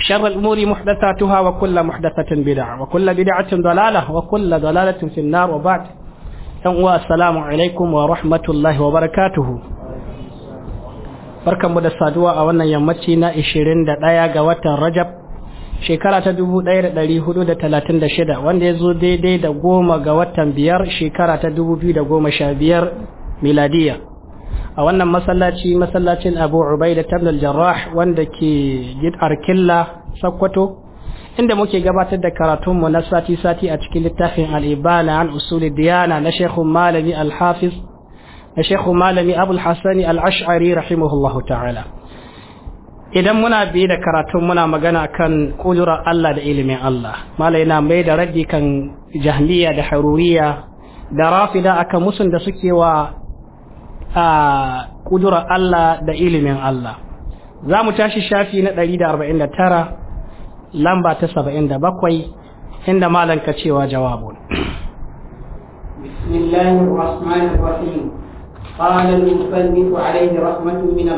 شر الأمور محدثاتها وكل محدثة بدعة وكل بدعة ضلالة وكل ضلالة في النار وبعد السلام عليكم ورحمة الله وبركاته barkan mu da saduwa a wannan yammaci na 21 ga watan Rajab shekara ta shida wanda ya zo daidai da goma ga watan biyar shekara ta biyar miladiya a wannan masallaci masallacin abu ubaida tabnal jarrah wanda ke gidar killa sakkwato inda muke gabatar da karatunmu na sati-sati a cikin littafin al'ibana an usuli diyana na shekhu malami alhafiz hafiz na shekhu malami abul hassani al'ash'ari rahimahullahu ta'ala idan muna biye da karatun muna magana kan kudura Allah da ilimin Allah malai na mai da raddi kan jahmiya da haruriya da rafida akan musun da suke wa a ƙudurar Allah da ilimin Allah za mu tashi shafi na 149 lamba ta 77 inda malanka cewa jawabun bismillahir rahmanir rahim qala al-musannif alayhi rahmatun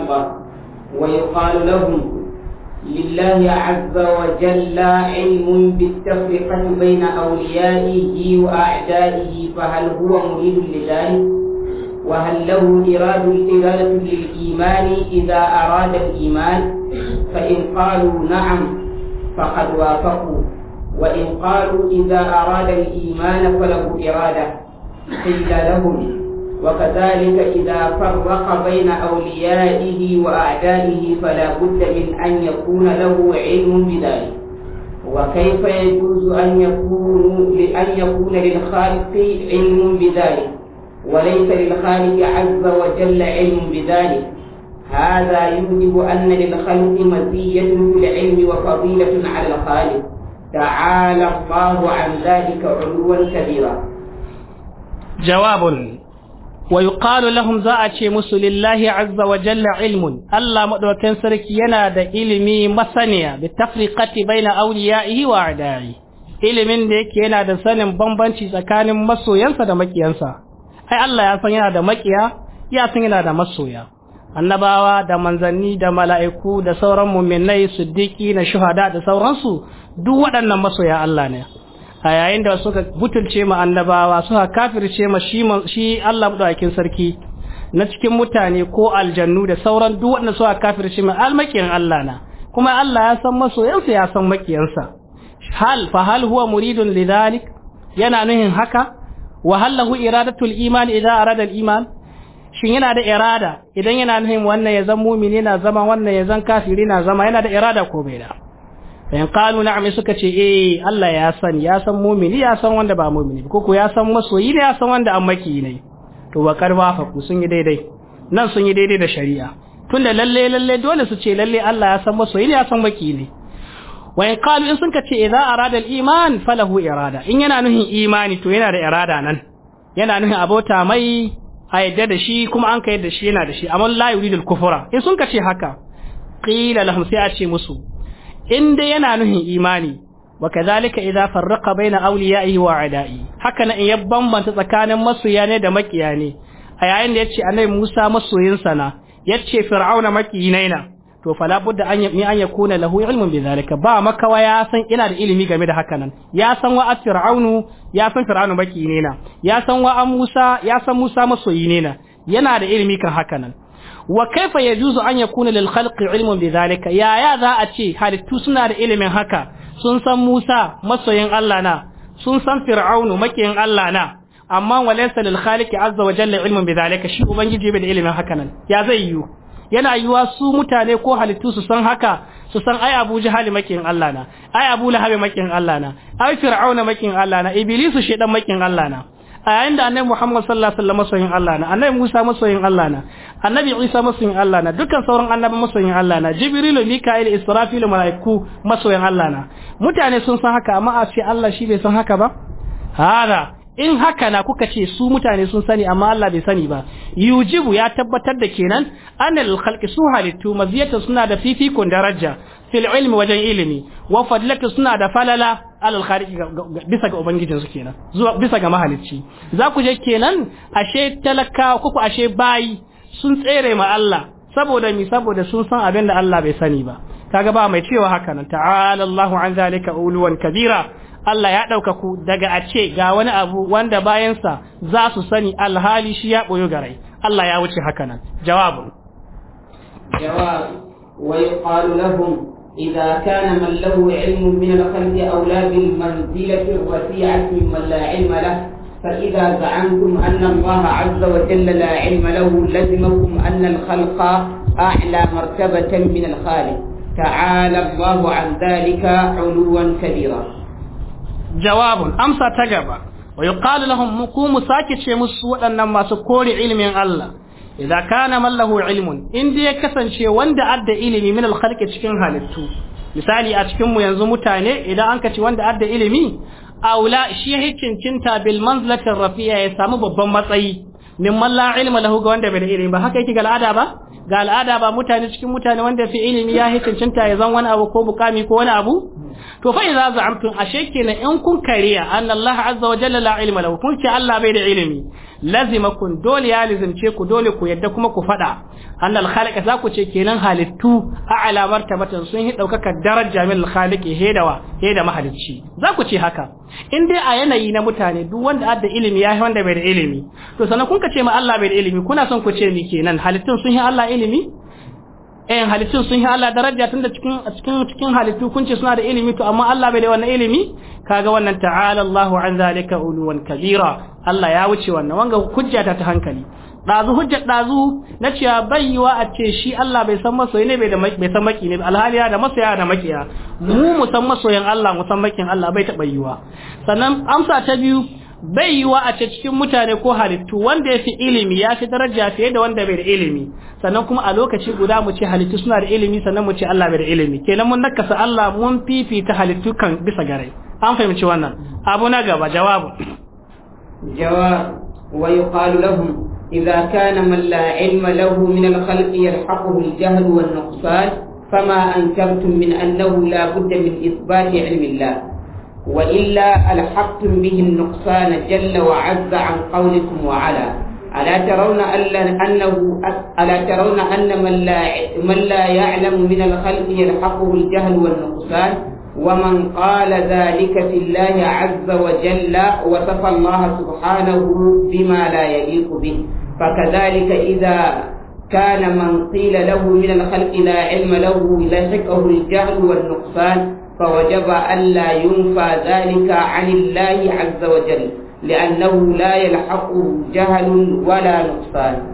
لله عز وجل علم بالتفرقة بين أوليائه وأعدائه فهل هو مريد لذلك؟ وهل له إرادة إرادة للإيمان إذا أراد الإيمان فإن قالوا نعم فقد وافقوا وإن قالوا إذا أراد الإيمان فله إرادة قيل لهم وكذلك إذا فرق بين أوليائه وأعدائه فلا بد من أن يكون له علم بذلك وكيف يجوز أن يكون أن يكون للخالق علم بذلك وليس للخالق عز وجل علم بذلك هذا يوجب أن للخلق مزية في العلم وفضيلة على الخالق تعالى الله عن ذلك علوا كبيرا جواب ويقال لهم za a ce Musulillahi lillahi azza wa jalla ilmun Allah madaukakin sarki yana da ilimi masaniya bi tafriqati baina awliyaihi wa adai ilimin da yake yana da sanin bambanci tsakanin masoyansa da makiyansa ai Allah ya san yana da makiya ya san yana da masoya annabawa da manzanni da mala'iku da sauran muminai siddiqi na shuhada da sauransu duk waɗannan masoya Allah ne a yayin da suka butulce ma annabawa suka kafirce ma shi Allah madawakin sarki na cikin mutane ko aljannu da sauran duk waɗanda suka kafirce ma almakin Allah na kuma Allah ya san masoyansa ya san makiyansa hal fa hal huwa muridun lidhalik yana nuhin haka wa hallahu iradatul iman idan arada iman shin yana da irada idan yana nuhin wannan ya zan mumini na zama wannan ya zan kafiri na zama yana da irada ko bai da bayan kalu amin suka ce eh Allah ya san ya san mumini ya san wanda ba mumini ko ko ya san masoyi ne ya san wanda an maki ne to wa karba fa ku sun yi daidai nan sun yi daidai da shari'a tunda lalle lalle dole su ce lalle Allah ya san masoyi ne ya san maki ne wa in qalu in sun ce idza arada al-iman falahu irada in yana nuhin imani to yana da irada nan yana nuhin abota mai a yadda da shi kuma an ka yadda shi yana da shi amma la yuridul kufra in sun ce haka qila lahum sai a ce musu in dai yana nuhin imani wa kadhalika idza farraqa baina awliya'ihi wa a'da'i haka na in ya bambanta tsakanin masoya ne da makiya ne a yayin da yace annabi Musa masoyinsa na yace fir'auna makiyinai na to fa budda an yabni an yakuna lahu ilmun bidhalika ba makawa ya san ina da ilimi game da hakanan nan ya san wa fir'aunu ya san fir'aunu baki ne na ya san wa musa ya san musa masoyi ne na yana da ilimi kan hakanan. wa kaifa yajuzu an yakuna lil khalqi ilmun bidhalika ya ya za a ce halittu suna da ilimin haka sun san musa masoyin Allah na sun san fir'aunu makiyin Allah na amma walaysa lil khaliqi azza wa jalla ilmun bidhalika shi ubangiji bai da ilimin hakanan ya zai yiwu yana yiwa su mutane ko halittu su san haka su san ai Abu Jahal makin Allah na ai Abu Lahab makin Allah na ai Fir'auna makin Allah na Iblisu shedan makin Allah na a yayin da Annabi Muhammad sallallahu alaihi wasallam masoyin Allah na Annabi Musa masoyin Allah na Annabi Isa masoyin Allah na dukkan sauran annabi masoyin Allah na Jibrilu Mika'il Israfilu malaiku masoyin Allah na mutane sun san haka amma a ce Allah shi bai san haka ba hada in haka na kuka ce su mutane sun sani amma Allah bai sani ba yujibu ya tabbatar da kenan anil khalqi su halittu maziyata suna da fifikon daraja fil ilmi wajen ilimi wa fadlata suna da falala alal khaliqi bisa ga ubangijin su kenan zuwa bisa ga mahalicci za ku je kenan ashe talaka ku ashe bayi sun tsere ma Allah saboda mi saboda sun san abin da Allah bai sani ba kaga ba mai cewa haka nan ta'ala Allahu an zalika uluwan kabira Allah ya ɗaukaku daga a ce ga wani abu wanda bayansa za su sani alhali shi ya ɓoyo garai Allah ya wuce haka nan jawabun jawab wa yuqalu lahum idza kana man lahu ilmun min al-khalqi awla bil manzilati wasi'ati mimman la ilma lahu فإذا زعمتم أن الله عز وجل لا علم له لزمكم أن الخلق أعلى مرتبة من الخالق تعالى الله عن ذلك علوا كبيرا jawabun amsa ta gaba wa yuqalu lahum mu sake ce musu waɗannan masu kore ilimin Allah idza kana mallahu lahu ilmun in ya kasance wanda adda ilimi min al-khalqi cikin halittu misali a cikin mu yanzu mutane idan an kace wanda adda ilimi aula shi ya hicincinta bil manzilatin rafi'a ya samu babban matsayi min la ilma lahu ga wanda bai da ilimi ba haka yake ga al'ada ba ga al'ada ba mutane cikin mutane wanda fi ilimi ya hicincinta ya zan wani abu ko bukami ko wani abu to fa idza za'amtum ashe kenan in kun kariya annallaha azza wa jalla la ilma lahu kun ce Allah bai da ilimi lazimakum dole ya lazimce ku dole ku yadda kuma ku faɗa annal khaliq za ku ce kenan halittu a alamar tabatan sun yi daukakar daraja min khaliq hedawa heda mahalicci za ku ce haka in dai a yanayi na mutane duk wanda adda ilimi ya wanda bai da ilimi to sanan kun ka ce ma Allah bai da ilimi kuna son ku ce ni kenan halittun sun yi Allah ilimi ɗayan eh, halittun sun yi Allah daraja tun da cikin cikin halittu kun ce suna da ilimi to amma Allah bai da wannan ilimi kaga wannan ta'ala Allahu an zalika uluwan kabira Allah ya wuce wannan wanga hujja ta hankali dazu hujja dazu na cewa bai wa a ce shi Allah bai san masoyi ne bai san maki ne alhali ya da masoya da makiya mu mu san masoyan Allah mu makin Allah bai taba wa sannan amsa ta biyu bai yi wa a ce cikin mutane ko halittu wanda ya fi ilimi ya fi daraja fiye da wanda bai da ilimi sannan kuma a lokaci guda mu ce halittu suna da ilimi sannan mu ce Allah bai da ilimi kenan mun nakasa Allah mun fifita halittu kan bisa gare an fahimci wannan abu na gaba jawabu jawab wa yuqalu lahum idza kana man la ilma lahu min al-khalqi yalhaquhu al-jahl wal-nuqsan fama ankabtum min annahu la budda min ithbati ilmi Allah وإلا ألحقتم به النقصان جل وعز عن قولكم وعلا ألا ترون أنه ألا ترون أن من لا من لا يعلم من الخلق يلحقه الجهل والنقصان ومن قال ذلك في الله عز وجل وصف الله سبحانه بما لا يليق به فكذلك إذا كان من قيل له من الخلق لا علم له لحقه الجهل والنقصان فوجب ألا ينفى ذلك عن الله عز وجل لأنه لا يلحقه جهل ولا نقصان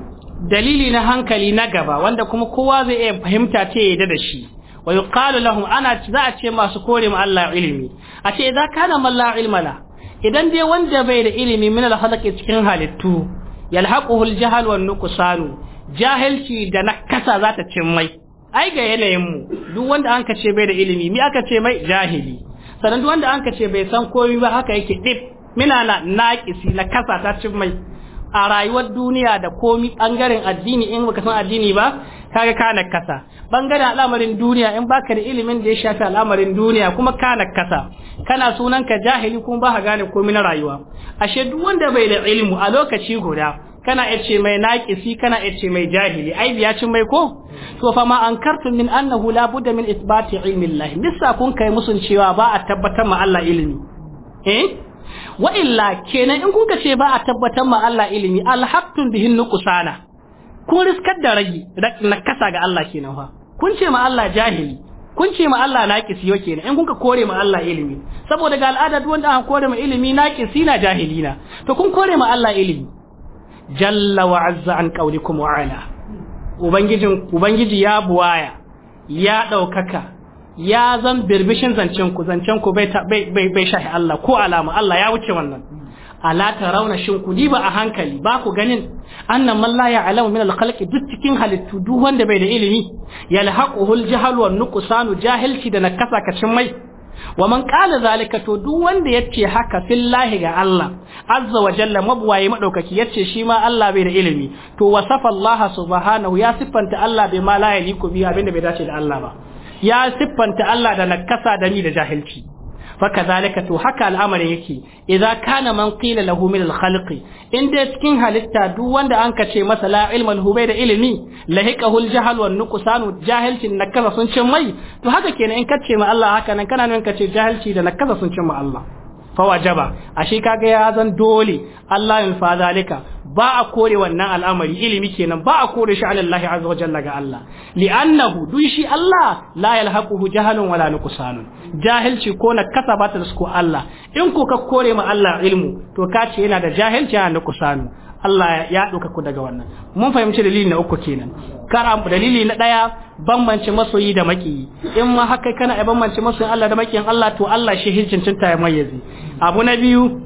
dalili na hankali na gaba wanda kuma kowa zai iya fahimta ce ya da shi wa yuqalu lahum ana za a ce masu kore mu Allah ilimi a ce idza kana man la ilma la idan dai wanda bai da ilimi min al cikin halittu yalhaquhu al-jahl wa nuqsan jahilci da nakasa za ta cin mai ai ga yanayin mu duk wanda an kace bai da ilimi mi aka ce mai jahili sannan duk wanda an kace bai san komai ba haka yake dip mina na naqisi na kasa ta cin mai a rayuwar duniya da komi bangaren addini in baka san addini ba kaga kana kasa bangaren al'amarin duniya in baka da ilimin da ya shafi al'amarin duniya kuma kana kasa kana sunanka jahili kuma ba ka gane komai na rayuwa ashe duk wanda bai da ilimi a lokaci guda kana iya ce mai naƙisi kana iya ce mai jahili ai ya cin mai ko to fa ma ankartum min annahu la budda min isbati ilmi Allah nissa kun kai musun cewa ba a tabbatar ma Allah ilimi eh wa illa kenan in kun ka ce ba a tabbatar ma Allah ilimi alhaqtun bihin nuqsana kun riskar da ragi na kasa ga Allah kenan fa kun ce ma Allah jahili kun ce ma Allah naƙisi yau kenan in kun ka kore ma Allah ilimi saboda ga al'ada duk wanda an kore ma ilimi naƙisi na jahilina to kun kore ma Allah ilimi jalla wa azza an qaulikum wa ala ubangijin ubangiji ya buwaya ya daukaka ya zan birbishin zancen ku zancen ku bai bai bai shahi Allah ko alama Allah ya wuce wannan ala rauna shin ku ba a hankali ba ku ganin annan man la ya'lamu min al duk cikin halittu duk wanda bai da ilimi yalhaquhu al-jahl wa nuqsanu jahilci da nakasa kacin mai wa man qala zalika to duk wanda yace haka fillahi ga Allah azza wa jalla mabwaye madaukaki yace shi ma Allah bai da ilimi to wasafa Allah subhanahu ya siffanta Allah bai ma la yaliku bi abinda bai dace da Allah ba ya siffanta Allah da nakasa da ni da jahilci fa kazalika to haka al'amari yake idza kana man qila lahu min al-khalqi in dai cikin halitta duk wanda an kace masa la ilma lahu da ilimi lahiqahu al-jahl wa nuqsan jahilcin nakasa sun cin mai to haka kenan in kace ma Allah haka nan kana nan kace jahilci da nakasa sun cin ma Allah fa wajaba ashe kaga ya zan dole Allah yin zalika ba a kore wannan al'amari ilimi kenan ba a kore shi Allah azza wajalla ga Allah li'annahu duk shi Allah la yalhaquhu jahalun wala nuqsanun jahilci ko na kasa da ta ko Allah in ko ka kore ma Allah ilmu to ka ce yana da jahilci yana nuqsanu Allah ya ɗauka ku daga wannan mun fahimci dalili na uku kenan karam dalili na ɗaya bambance masoyi da makiyi in ma haka kana bambance masoyi Allah da makiyin Allah to Allah shi hincin ya mayyazi abu na biyu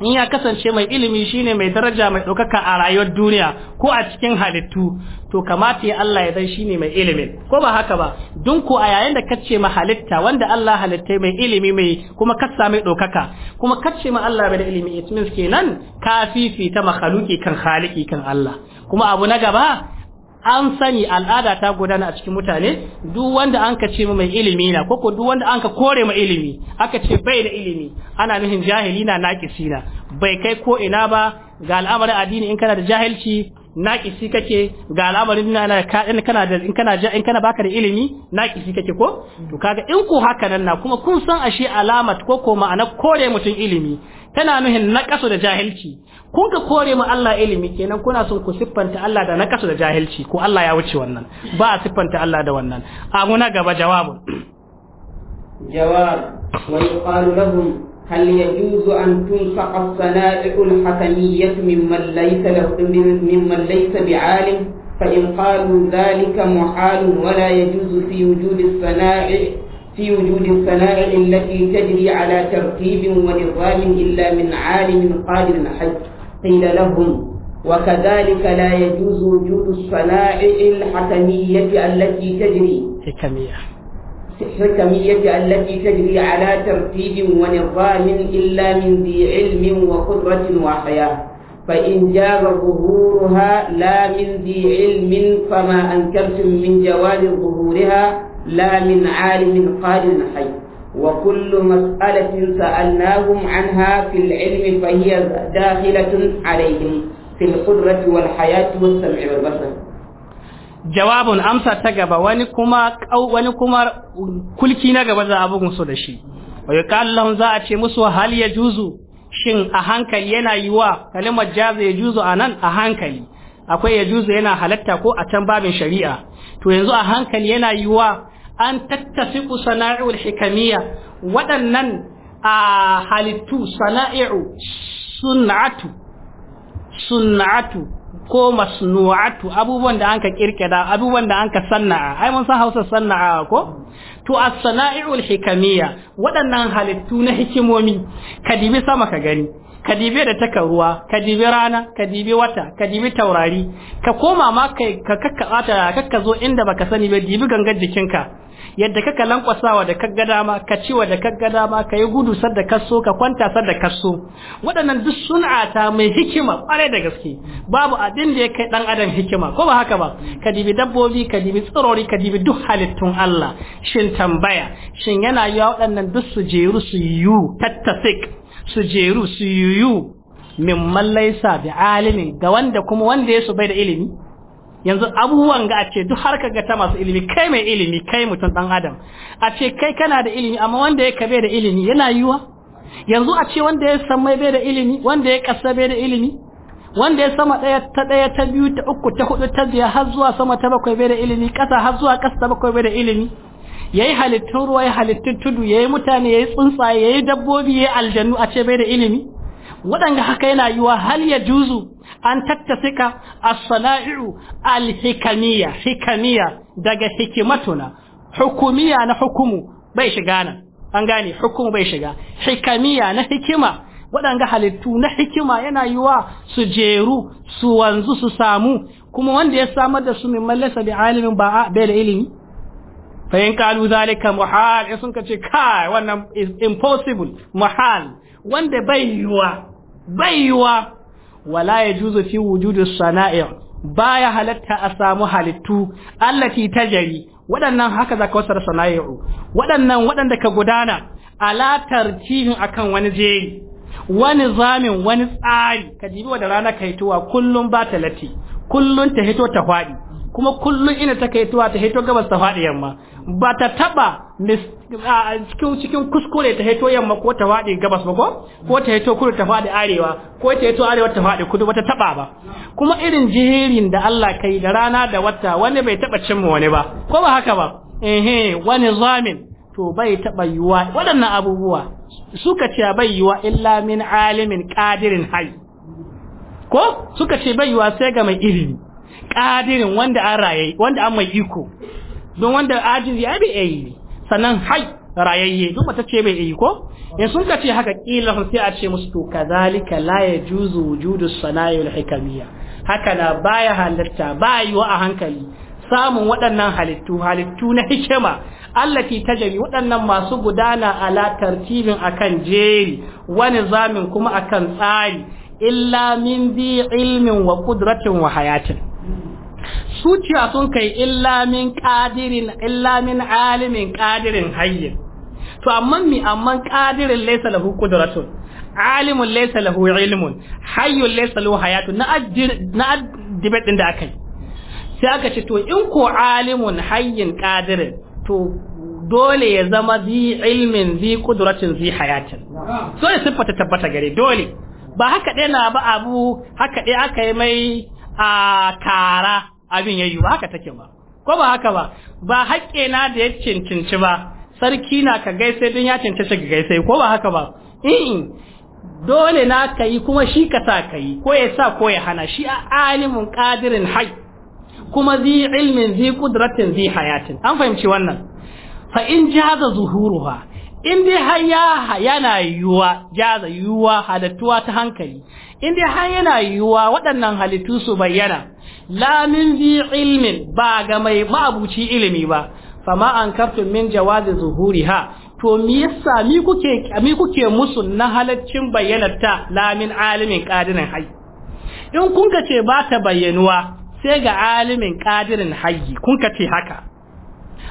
in ya kasance mai ilimi shine mai daraja mai ɗaukaka a rayuwar duniya ko a cikin halittu to kamata ya Allah ya zai shine mai ilimi ko ba haka ba dun ko a yayin da kace ma halitta wanda Allah halitta mai ilimi mai kuma kassa mai ɗaukaka kuma kace ma Allah bai da ilimi it means kenan ka fifita makhluki kan khaliki kan Allah kuma abu na gaba an sani al'ada ta gudana a cikin mutane duk wanda anka ce mai ilimi na koko duk wanda anka kore mai ilimi aka ce bai da ilimi ana nufin jahili na naƙisi na bai kai ko ina ba ga al'amarin addini in kana da jahilci naƙisi kake ga al'amarin na in kana da in kana in kana baka da ilimi naƙisi kake ko to kaga in ko haka nan na kuma kun san ashe alama ko ko ma'ana kore mutum ilimi tana nuhin naƙasu da jahilci kun ka kore mu Allah ilimi kenan kuna son ku siffanta Allah da naƙasu da jahilci ko Allah ya wuce wannan ba a siffanta Allah da wannan a muna gaba jawabu. jawab wa yuqalu lahum هل يجوز أن تنفق الصنائع الحكمية ممن ليس ممن ليس بعالم فإن قالوا ذلك محال ولا يجوز في وجود الصنائع في وجود الصنائع التي تجري على ترتيب ونظام إلا من عالم قادر حج قيل لهم وكذلك لا يجوز وجود الصنائع الحكمية التي تجري حكمية الحكمية التي تجري على ترتيب ونظام إلا من ذي علم وقدرة وحياة فإن جاب ظهورها لا من ذي علم فما أنكرتم من جواز ظهورها لا من عالم قادر حي وكل مسألة سألناهم عنها في العلم فهي داخلة عليهم في القدرة والحياة والسمع والبصر jawabun amsa ta gaba wani kuma wani kuma kulki na gaba za a bugun su da shi wa lahum za a ce musu hal ya juzu shin a hankali yana yiwa kalimar jaza ya juzu nan a hankali akwai ya juzu yana halatta ko a can babin shari'a to yanzu a hankali yana yiwa an sana'u al hikamiyya waɗannan a halittu sana'u sun'atu sun'atu ko masnu'atu abubuwan da anka kirkira abubuwan da anka sanna'a ai mun san Hausa sanna'a ko to as-sana'i'ul hikamiyya waɗannan halittu na hikimomi ka dibi sama ka gani ka dibe da taka ruwa ka dibi rana ka dibi wata ka dibi taurari ka koma ma ka ka kakka kakka zo inda baka sani ba dibi gangar jikinka yadda kaka lankwasawa da kagga dama ka ciwa da kagga dama ka yi gudu da kaso ka kwanta da kaso waɗannan duk sun'a ta mai hikima ƙwarai da gaske babu abin da ya kai ɗan adam hikima ko ba haka ba ka dibi dabbobi ka dibi tsirori ka dibi duk halittun Allah shin tambaya shin yana yi waɗannan duk su jeru su yiwu tattasik su jeru su yuyu min mallaisa bi alimin ga wanda kuma wanda ya su bai da ilimi yanzu abubuwan ga a ce duk har ga ta masu ilimi kai mai ilimi kai mutum dan adam a ce kai kana da ilimi amma wanda ya kabe da ilimi yana yiwa yanzu a ce wanda ya san mai bai da ilimi wanda ya kasa bai da ilimi wanda ya sama daya ta ɗaya ta biyu ta uku ta hudu ta biyar har zuwa sama ta bakwai bai da ilimi ƙasa har zuwa ƙasa ta bakwai bai da ilimi yayi halittun ruwa ya halittun tudu yayi mutane yayi tsuntsaye yayi dabbobi yayi aljannu a ce bai da ilimi waɗanda haka yana yiwa hal ya juzu an tattasika a sana'u al-hikamiyya hikamiyya daga hikimatuna hukumiyya na hukumu bai shiga nan an gane hukumu bai shiga hikamiyya na hikima waɗanga halittu na hikima yana yi wa su jeru su wanzu su samu kuma wanda ya samar da su min mallasa bi alimin ba'a bai da ilimi fa in qalu zalika muhal in sun kace kai wannan is impossible muhal wanda bai yiwa bai yiwa wala yajuzu fi wujudi sana'i baya halatta a samu halittu allati tajari waɗannan haka zaka wasar sana'i'u waɗannan waɗanda ka gudana ala tartihin akan wani jeri wani zamin wani tsari ka jibi wa da rana ka hitowa kullum ba talati, lati kullum ta hito ta faɗi kuma kullum ina ta kai tuwa ta haito gabas ta faɗi yamma ba ta taɓa cikin cikin kuskure ta haito yamma ko ta faɗi gabas ba ko ko ta haito kudu ta faɗi arewa ko ta haito arewa ta faɗi kudu ba ta taɓa ba kuma irin jihirin da Allah kai da rana da wata wani bai taɓa cin wani ba ko ba haka ba ehe wani zamin to bai taɓa yiwa waɗannan abubuwa suka ce bai yiwa illa min alimin qadirin hay ko suka ce bai yiwa sai ga mai ilimi ƙadirin wanda an raye wanda an mai iko don wanda ajizi ya bai yi sannan hai rayayye duk mata ce bai yi ko in sun ce haka kila sun sai a ce musu to kazalika la yajuzu wujudu sana'i hikamiyya haka na baya halitta ba yiwa a hankali samun waɗannan halittu halittu na hikima ta tajri waɗannan masu gudana ala tartibin akan jeri wani zamin kuma akan tsari illa min bi ilmin wa qudratin wa hayatin suciya sun kai illa min qadirin illa min alimin ƙadirin hayyin to amma mi amma ƙadirin laysa lahu qudratun alimun laysa lahu ilmun hayyun laysa lahu hayatun na ajir na dibe din da akai sai aka ce to in ko alimun hayyin ƙadirin to dole ya zama zi ilmin zi qudratin zi hayatin so ya siffata tabbata gare dole ba haka ɗaya na ba abu haka dai aka yi mai a kara abin ya yi ba haka take ba ko ba haka ba ba haƙƙe na da ya cincinci ba sarki na ka gaise don ya cincinci ka gaise ko ba haka ba in dole na ka yi kuma shi ka sa ka yi ko ya sa ko ya hana shi a alimin qadirin hay kuma zi ilmin zi qudratin zi hayatin an fahimci wannan fa in jaza zuhuruha in dai har yana yiwuwa jaza yiwuwa halattuwa ta hankali in dai har yana yiwuwa waɗannan halittu su bayyana la min zi ilmin ba ga mai ma'abuci ilimi ba ma an kaftun min jawazi ha, to mi yasa mi kuke mi kuke musu na halaccin bayyanarta la min alimin qadirin hayy in kun ka ce ba ta bayyanuwa sai ga alimin qadirin hayy kun ka ce haka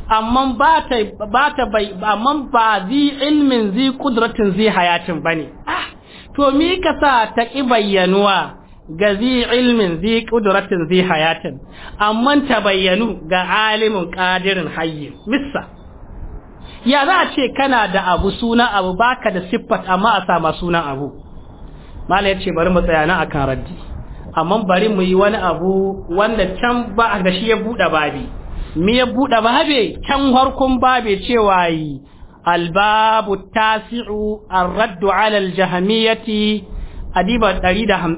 amma ba ta ba ta amma ba zi ilmin zi kudratin zi hayatin bane ah to mi ka sa ta ki bayyanuwa ga zi ilmin zi kudratin zi hayatin amma ta bayyanu ga alimin ƙadirin hayyin missa ya za a ce kana da abu suna abu baka da siffat amma a sama sunan abu mala ya ce bari mu tsayana a kan raddi amma bari mu yi wani abu wanda can ba a gashi ya buɗe babi mi ya buɗe babi can harkun babi cewa yi الباب التاسع الرد على الجهمية أديبة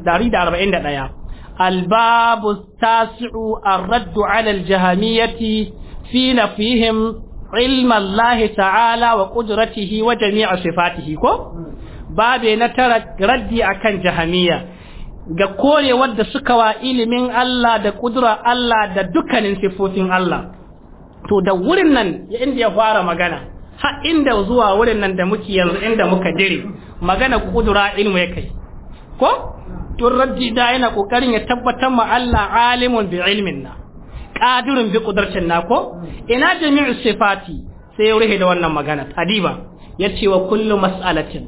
دريد أربعين دقيقة الباب التاسع الرد على الجهمية في نفيهم علم الله تعالى وقدرته وجميع صفاته كو باب نترى ردي أكن جهمية ga korewar da suka wa ilimin Allah da kudura Allah da dukkanin sifofin Allah to da wurin nan inda ya fara magana har inda zuwa wurin nan da muke yanzu inda muka dire magana kudura ilmu ya kai ko tun raddi da yana kokarin ya tabbatar ma Allah alimun bi ilmin na qadirun bi qudratin na ko ina jami'u sifati sai ya rufe da wannan magana adiba yace wa kullu mas'alatin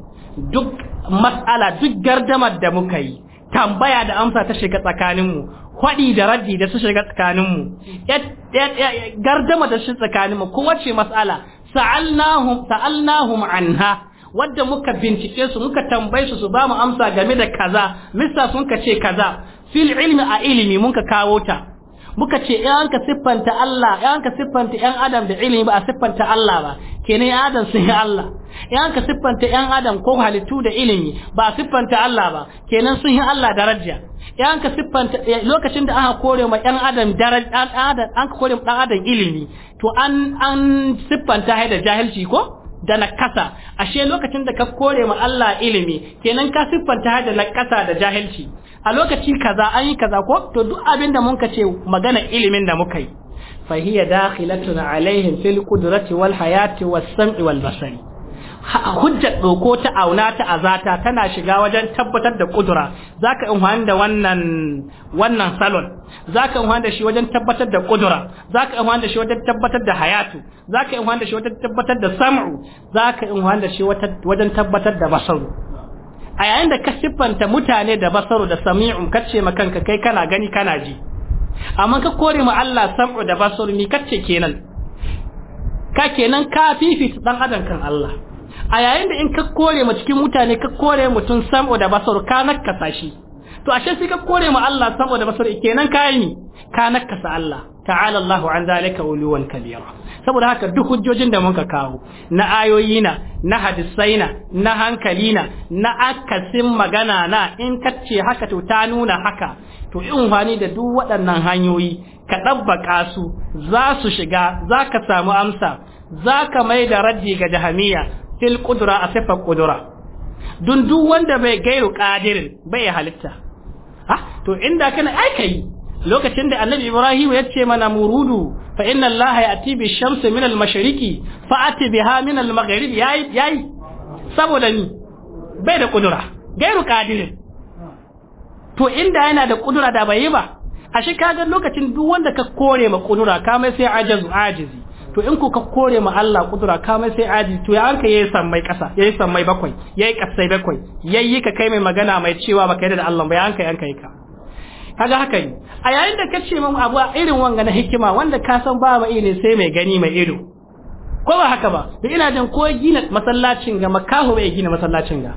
duk mas'ala duk gardamar da muka yi tambaya da amsa ta shiga tsakaninmu kwaɗi da raddi da su shiga tsakaninmu gardama da shi tsakaninmu kowace mas'ala. sa'alnahum anha wadda muka bincike su muka tambaye su su ba mu amsa game da kaza mista sun ka ce kaza fil ilmi a ilimi mun ka kawo ta muka ce yan ka siffanta Allah yan ka siffanta yan adam da ilimi ba a siffanta Allah ba kenan ya adam sun yi Allah yan ka siffanta yan adam ko halittu da ilimi ba a siffanta Allah ba kenan sun yi Allah daraja yan ka siffanta eh, lokacin da aka kore ma yan adam daraja an ka kore ma adam ilimi to an an siffanta hai da jahilci ko da nakasa ashe lokacin da ka kore ma Allah ilimi kenan ka siffanta da nakasa da jahilci a lokaci kaza an yi kaza ko to duk abin da mun ka ce magana ilimin da muka yi fa hiya dakhilatun alaihim fil qudrati wal hayati was sam'i wal basari hujjar ɗauko ta auna ta azata tana shiga wajen tabbatar da kudura Za ka zaka amfani da wannan wannan salon zaka amfani da shi wajen tabbatar da kudura Za ka zaka amfani da shi wajen tabbatar da hayatu Za ka zaka amfani da shi wajen tabbatar da sam'u za ka zaka amfani da shi wajen tabbatar da basaru a yayin da ka siffanta mutane da basaru da sami'u kace ma kanka kai kana gani kana ji amma ka kore ma Allah sam'u da basaru mi kace kenan ka kenan ka fifita dan adam kan Allah a yayin da in ka kore mu cikin mutane ka kore mutum sam'u da basar ka nakasa shi to ashe sai ka kore mu Allah sam'u da basar kenan kai ni ka nakasa Allah ta'ala Allahu an zalika uluwan kabira saboda haka duk hujjojin da muka kawo na ayoyina na hadisaina na hankalina na akasin magana na in ka ce haka to ta nuna haka to in fani da duk waɗannan hanyoyi ka ɗabbaka su za su shiga za ka samu amsa za ka mai da raddi ga jahamiya fil qudra a sifar qudra dun duk wanda bai gairu qadirin bai halitta ha to inda kana ai kai lokacin da annabi ibrahim ya ce mana murudu fa inna allaha ya'ti bi shamsi min al mashariki fa ati biha min al maghrib yayi yayi saboda ni bai da kudura gairu qadirin to inda yana da kudura da bai yi ba shi kaga lokacin duk wanda ka kore ma kudura ka mai sai ajazu ajizi to in ko ka kore ma Allah kudura ka mai sai aji to ya anka yayi mai kasa yayi mai bakwai yayi kasai bakwai yayi ka kai mai magana mai cewa baka yarda da Allah ba ya anka yanka yi ka kaga haka ne a yayin da kace mun abu a irin wanga na hikima wanda ka san ba mai ne sai mai gani mai ido ko ba haka ba da ina jin ko gina masallacin ga makaho bai gina masallacin ga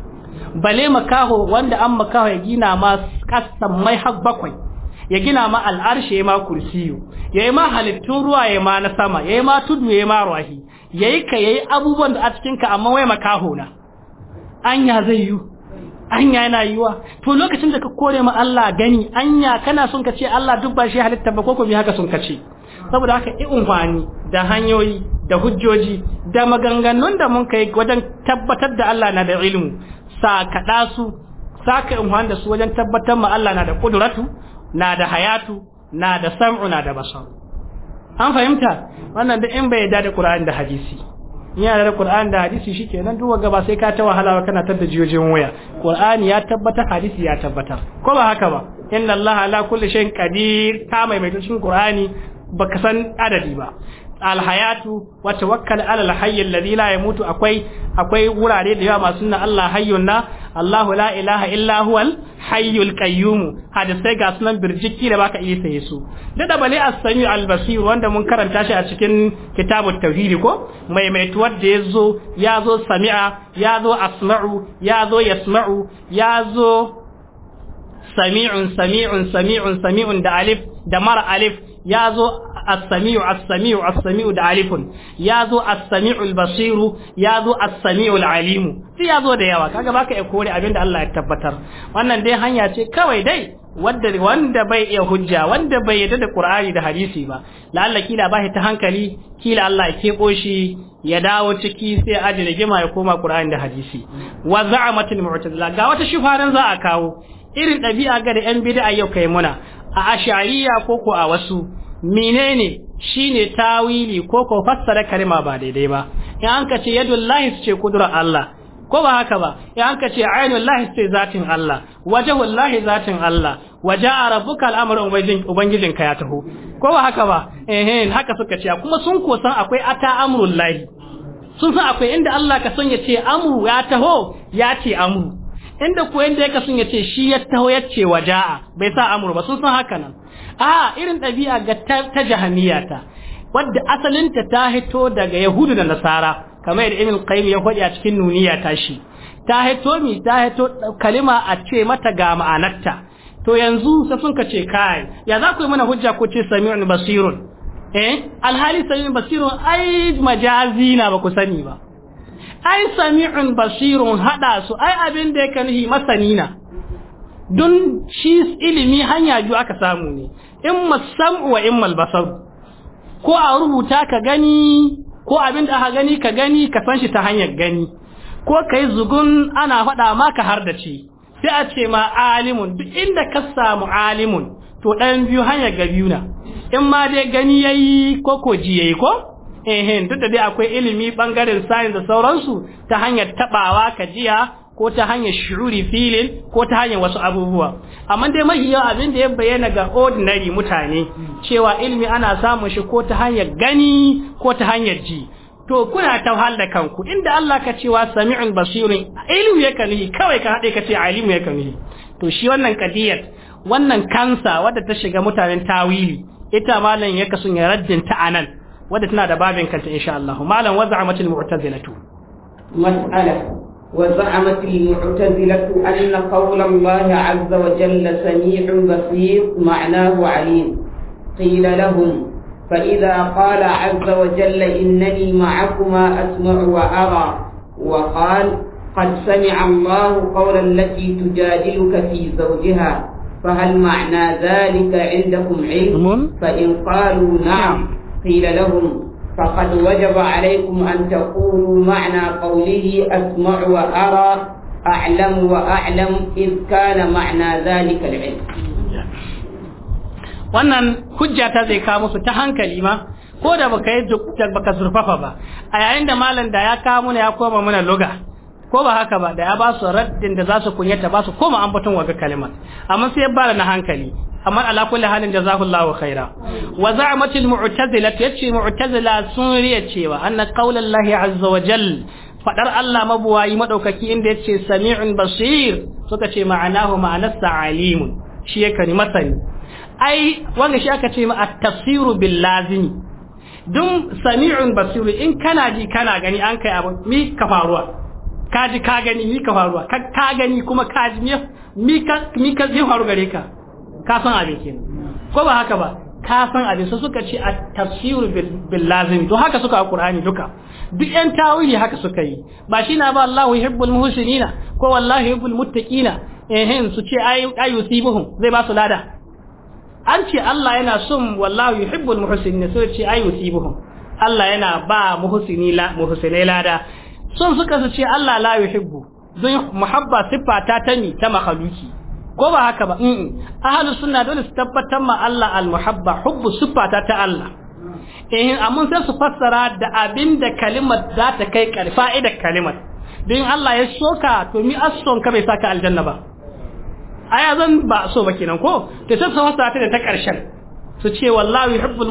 bale makaho wanda an makaho ya gina ma kasan mai har bakwai ya gina ma al'arshe ma kursiyu ya yi ma halittun ruwa ya ma na sama ya yi ma tudu ya ma ruwahi, ya yi ka ya yi abubuwan da a cikinka amma wai makaho na anya zai yi anya yana wa, to lokacin da ka kore ma Allah gani anya kana sun ka ce Allah duk ba shi halitta ba ko ko haka sun ka ce saboda haka i umfani da hanyoyi da hujjoji da maganganun da mun kai wajen tabbatar da Allah na da ilimu sa kaɗa su sa ka umfani da su wajen tabbatar ma Allah na da kudratu na da hayatu na da sam'u na da basar an fahimta wannan duk in bai yarda da qur'ani da hadisi in da qur'ani da hadisi shikenan duk wanda ba sai ka ta wahala kana tadda jiyojin waya qur'ani ya tabbatar hadisi ya tabbatar ko ba haka ba inna allaha ala kulli shay'in qadir ta mai mai cikin qur'ani baka san adadi ba alhayatu wa tawakkal ala alhayy alladhi la yamutu akwai akwai wurare da yawa masu na Allah hayyun na Allahu la ilaha illa huwal hayyul qayyum hadisai ga sunan birjiki da baka iya saye su da da as-sami al-basir wanda mun karanta shi a cikin kitabut tauhid ko mai mai tuwar da yazo yazo sami'a yazo asma'u yazo yasma'u yazo sami'un sami'un sami'un sami'un da alif da mara alif yazo as-sami'u as-sami'u as-sami'u da alifun ya zo as-sami'u al-basiru ya zo as-sami'u al-alimu sai ya zo da yawa kaga baka ya kore abinda Allah ya tabbatar wannan dai hanya ce kawai dai wanda wanda bai iya hujja wanda bai yarda da Qur'ani da hadisi ba la'alla kila bashi ta hankali kila Allah ya kebo shi ya dawo ciki sai aji rigima ya koma Qur'ani da hadisi wa za'amatul mu'tazila ga wata shifaran za a kawo irin dabi'a ga da yan bid'a yau kai muna a ashariya ko ko a wasu menene shine tawili ko ko fassara kalma ba daidai ba in an ka ce yadullahi su ce kudura Allah ko ba haka ba in an ka ce ainullahi su ce zatin Allah wajhullahi zatin Allah waja'a rabbuka al'amru ubangijin ka ya taho ko ba haka ba eh haka suka ce kuma sun san akwai ata amrullahi sun san akwai inda Allah ka son ya ce amru ya taho ya ce amru inda ko inda ka son ya ce shi ya taho ya ce waja'a bai sa amru ba sun san haka nan a irin ɗabi'a ga ta jahamiya ta wadda asalinta ta hito daga yahudu da nasara kamar yadda ibn qayyim ya faɗi a cikin nuniya ta shi ta hito mi ta hito kalima a ce mata ga ma'anarta to yanzu sai sun ce kai ya za ku yi mana hujja ko ce sami'un basirun eh alhali sami'un basirun ai majazi na ba ku sani ba ai sami'un basirun hada su ai abin da yake nuhi masanina Dun shi ilimi hanya biyu aka samu ne in samu wa in malbasar ko a rubuta ka gani ko abin da gani ka gani ka san shi ta hanyar gani ko ka yi zugun ana faɗa ma ka har da ci sai a ce ma alimun duk inda ka samu alimun to ɗayan biyu hanyar ga biyu na in ma dai gani ya yi ko ko ji ya yi ko ehen duk da dai akwai ilimi ɓangaren sayin da sauransu ta hanyar taɓawa ka jiya ko ta hanyar shururi filin ko ta hanyar wasu abubuwa amma dai mafi yawa abin da ya bayyana ga ordinary mutane cewa ilmi ana samun shi ko ta hanyar gani ko ta hanyar ji to kuna ta halda kanku inda Allah ka cewa sami'un basirin ilmi ya yi kawai ka haɗe ka ce alimu ya yi to shi wannan kadiyar wannan kansa wadda ta shiga mutanen tawili ita malam ya kasu ya raddin ta anan wadda tana da babin kanta insha Allah malam waza'amatul mu'tazilatu mas'ala وزعمت المعتزلة أن قول الله عز وجل سميع بصير معناه عليم قيل لهم فإذا قال عز وجل إنني معكما أسمع وأرى وقال قد سمع الله قولا التي تجادلك في زوجها فهل معنى ذلك عندكم علم فإن قالوا نعم قيل لهم فقد وجب عليكم أن تقولوا معنى قوله أسمع وأرى أعلم وأعلم إذ كان معنى ذلك العلم wannan hujja ta zai kawo musu ta hankali ma ko da baka yi baka zurfafa ba a yayin da malam da ya kawo muna ya koma mana loga ko ba haka ba da ya ba su raddin da za su kunyata ba su koma batun waga kalimar amma sai ya bara na hankali amma ala kulli halin jazakallahu khaira wa za'amat mu'tazila yace mu'tazila sun riya cewa anna qawla Allah azza wa jal fadar Allah mabuwayi madaukaki inda yace sami'un basir suka ce ma'anahu ma'anasa alimun shi ya kani masani ai wanda shi aka ce ma at-tafsiru bil lazimi dun sami'un basiru in kana ji kana gani an kai abu mi ka faruwa kaji ka gani ni ka faruwa ka gani kuma kaji mi ka mi ka zai faru gare ka ka san abin kenan ko ba haka ba ka san abin su suka ce a tafsiru bil lazim to haka suka a qur'ani duka duk yan tawili haka suka yi ba shi na ba Allahu yuhibbul muhsinina ko wallahi yuhibbul muttaqina eh su ce ayu ayusibuhum zai ba su lada an ce Allah yana son wallahu yuhibbul muhsinin sai ce ayu sibuhum Allah yana ba muhsini muhsinai lada sun suka su ce Allah la yuhibbu don muhabba siffa ta ta ta ko ba haka ba in ahlu sunna dole su tabbatar ma Allah al muhabba hubbu siffa ta ta Allah eh amma sai su fassara da abinda kalimar za ta kai kar fa'idar kalimar don Allah ya soka to mi asson ka bai saka aljanna ba aya zan ba so ba kenan ko to sai su fassara ta da ta karshen su ce wallahi yuhibbul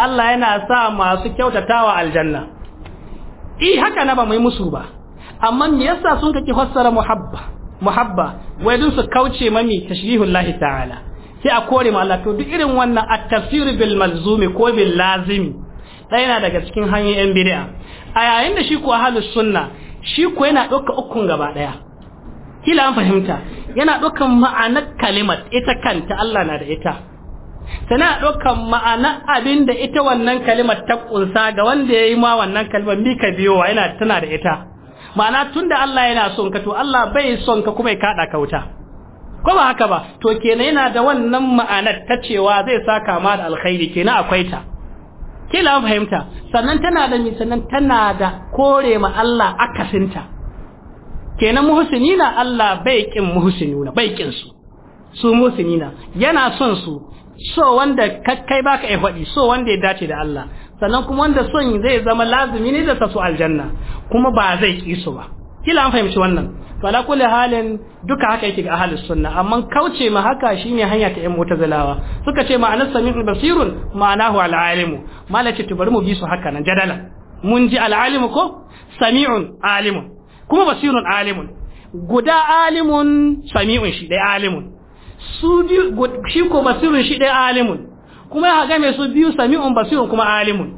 Allah yana sa masu kyautatawa aljanna i eh, haka na ba mai musu ba amma me yasa sun kake fassara muhabba muhabba wai dun su kauce mami tashrihul lahi ta'ala sai a kore ma Allah to duk irin wannan at-tafsir bil malzumi ko bil lazimi ɗaya na daga cikin hanyoyin bid'a a yayin da shi ko ahlus sunna shi ko yana ɗauka ukun gaba ɗaya kila an fahimta yana ɗaukan ma'anar kalimat ita kanta Allah na da ita tana ɗaukan ma'ana abin da ita wannan kalimar ta ƙunsa ga wanda ya yi ma wannan kalimar ka biyowa yana tana da ita ma'ana tun da Allah yana son ka to Allah bai son ka kuma ya kaɗa ka wuta ko ba haka ba to kenan yana da wannan ma'ana ta cewa zai sa kama da alkhairi kenan akwai ta kila fahimta sannan tana da mi sannan tana da kore ma Allah akasinta kenan na Allah bai kin muhsinuna bai kin su su muhsinina yana son su so wanda kai baka ya faɗi so wanda ya dace da Allah sannan kuma wanda son zai zama lazumi ne da ta su aljanna kuma ba zai ki ba kila an fahimci wannan fala kulli halin duka haka yake ga ahlus sunna amma kauce ma haka shine hanya ta ƴan mu'tazilawa suka ce ma'ana sami'u basirun ma'anahu al-alimu malaka to bari mu bi su haka nan jadala mun ji al ko sami'un alimun kuma basirun alimun guda alimun sami'un shi dai alimun su biyu shi ko basirun shi ɗaya alimun kuma ya mai su biyu sami'un basirun kuma alimun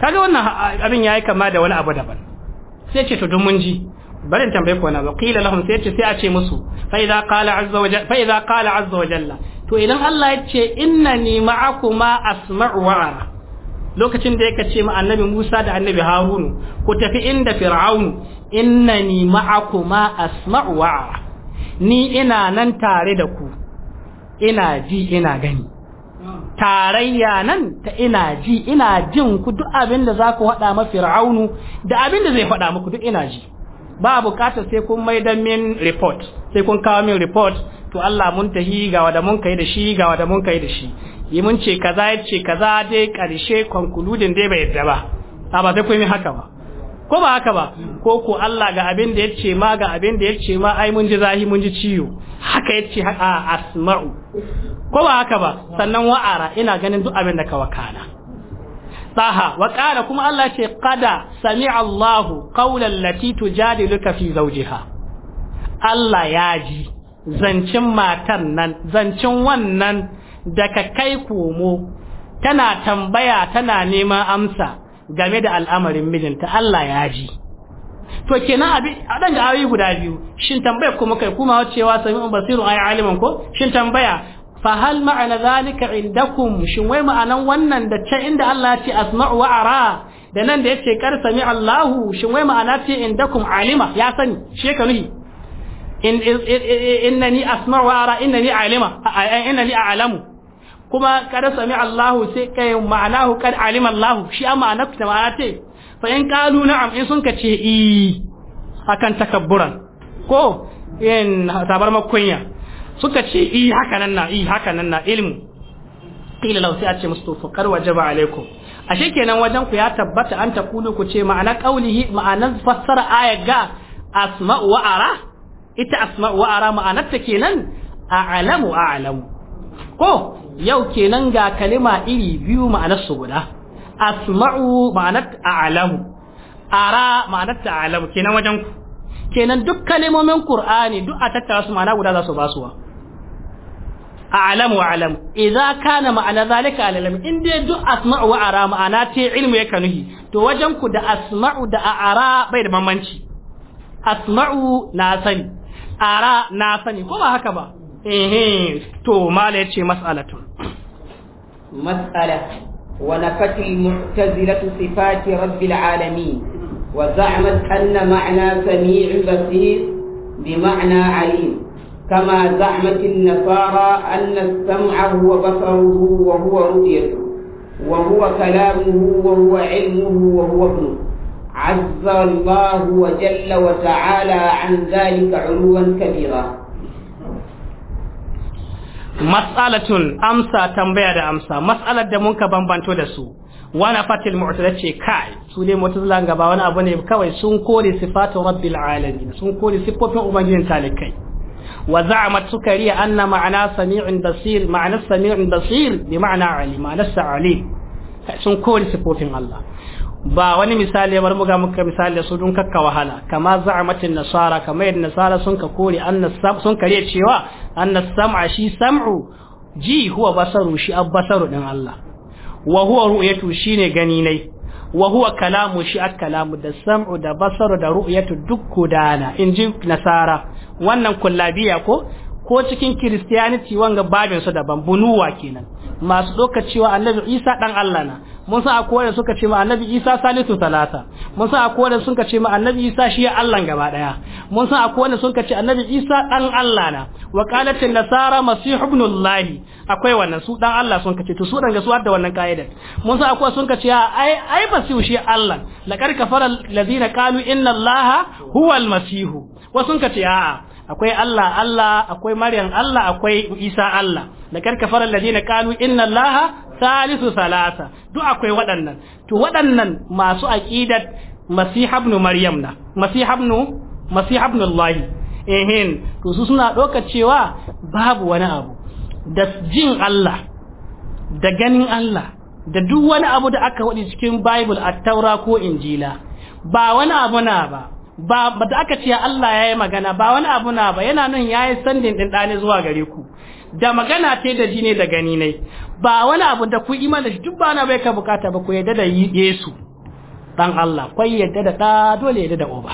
kaga wannan abin ya yi kama da wani abu daban sai ce to don mun ji barin tambaye ko na ba kila lahum sai ce sai a ce musu fa idza qala azza wa jalla fa idza qala azza wa jalla to idan Allah ya ce innani ma'akuma asma'u wa ara lokacin da yake ce ma annabi Musa da annabi Harun ku tafi inda fir'aun innani ma'akuma asma'u wa ara ni ina nan tare da ku ina ji ina gani tarayya nan ta ina ji ina jin ku duk abin da za ku haɗa ma fir'aunu da abin da zai faɗa muku duk ina ji ba bukatar sai kun mai da min report sai kun kawo min report to Allah mun tahi ga wada mun kai da shi ga wada mun kai da shi yi mun ce kaza ya ce kaza dai karshe concluding dai bai yadda ba ba sai kun yi haka ba ko ba haka ba ko ko Allah ga abin da yace ma ga abin da yace ma ai mun ji zahi mun ji ciwo haka yace a asma'u ko ba haka ba sannan wa'ara ina ganin duk abin da ka wakala taha wa qala kuma Allah ce qada sami'a Allah qawlan lati tujadiluka fi zawjiha Allah ya ji zancin matan nan zancin wannan da ka kai komo tana tambaya tana neman amsa game da al'amarin mijinta Allah ya ji to kenan abi adan ga ayoyi guda biyu shin tambaya kuma kai kuma cewa sami'un basiru ay aliman ko shin tambaya fa hal ma'ana zalika indakum shin wai ma'anan wannan da ce inda Allah ya ce asma'u wa ara da nan da ya ce kar sami Allahu shin wai ma'ana ce indakum alima ya sani shi ka nuhi in innani asma'u wa ara innani alima innani a'lamu kuma kada sami Allahu sai kai ma'anahu kad alima Allahu shi amma ma'anar ta ma'ana ce fa in qalu na'am in sun kace i akan takabburan ko in tabar makunya suka ce i haka nan na i haka nan na ilmu qila law sai a ce musu to kar wajaba alaikum ashe kenan wajen ku ya tabbata an takulu ku ce ma'ana qaulihi ma'ana fassara ayat ga asma'u wa ara ita asma'u wa ara ma'anar ta kenan a'lamu a'lamu ko yau kenan ga kalima iri biyu su guda asma'u ma'anar a'lamu ara ma'anar ta'lamu kenan wajen ku kenan duk kalimomin qur'ani duk a tattara su ma'ana guda za su basuwa a'lamu wa a'lamu idza kana ma'ana zalika alalam in dai duk asma'u wa ara ma'ana ce ilmu ya nuhi to wajen ku da asma'u da ara bai da bambanci asma'u na sani ara na sani ko ba haka ba ehe to mala ya ce mas'alatu mas'alatu wa nafati mu'tazilatu sifati rabbil alamin wa za'amat anna ma'na sami'u basir bi ma'na alim kama za'amat an-nasara anna as-sam'a huwa basaruhu wa huwa ru'yatuhu wa huwa kalamuhu wa huwa ilmuhu wa huwa ibnu عز الله وجل وتعالى عن ذلك علوا mas'alatun amsa tambaya da amsa matsalar da mun ka bambanto da su wani fatil mutala ce kai su dai mu'tazila gaba wani abu ne kawai sun kore sifatu rabbil alamin sun kore sifofin ubangijin talikai wa za'amat suka riya anna ma'ana sami'un basir ma'ana sami'un basir bi ma'ana alim ma'ana sa'alim sun kore sifofin Allah ba wani misali bar muga muka misali su dun kakka wahala kama za'amatin nasara kama yadda nasara sun ka kore annasam sun kare cewa annasam'a shi sam'u ji huwa basaru shi abbasaru din Allah wa huwa ru'yatu shine gani nai wa huwa kalamu shi akalamu da sam'u da basaru da ru'yatu duk gudana inji nasara wannan kullabiya ko ko cikin kristiyaniti wanga babin su daban bunuwa kenan masu dokacewa annabi Isa dan Allah na mun sa akwai da suka ce ma annabi isa salisu talata mun sa akwai da suka ce ma annabi isa shi Allah gaba daya mun sa akwai da suka ce annabi isa dan Allah na wa qalat nasara masih ibn allah akwai wannan su dan Allah sun kace to su dan ga su da wannan kaidar mun sa akwai sun kace ai ai basiu shi Allah laqad kafara allazina qalu inna allaha huwa almasih wa sun kace a'a akwai Allah Allah akwai Maryam Allah akwai Isa Allah da karkafar alladhina qalu inna Allaha salisu salasa duk akwai waɗannan to waɗannan masu aqidat masiha ibn maryam na masiha ibn masiha ibn allah ehin to su suna doka cewa babu wani abu da jin Allah da ganin Allah da duk wani abu da aka waɗi cikin Bible a taura ko injila ba wani abu na ba ba da aka ce Allah yayi magana ba wani abu na ba yana nan yayi sandin ɗin ɗane zuwa gare ku da magana ta da ji ne da gani ne ba wani abu da ku imani duk ba na bai ka bukata ba ku yadda da Yesu dan Allah kwai yadda da da dole yadda da uba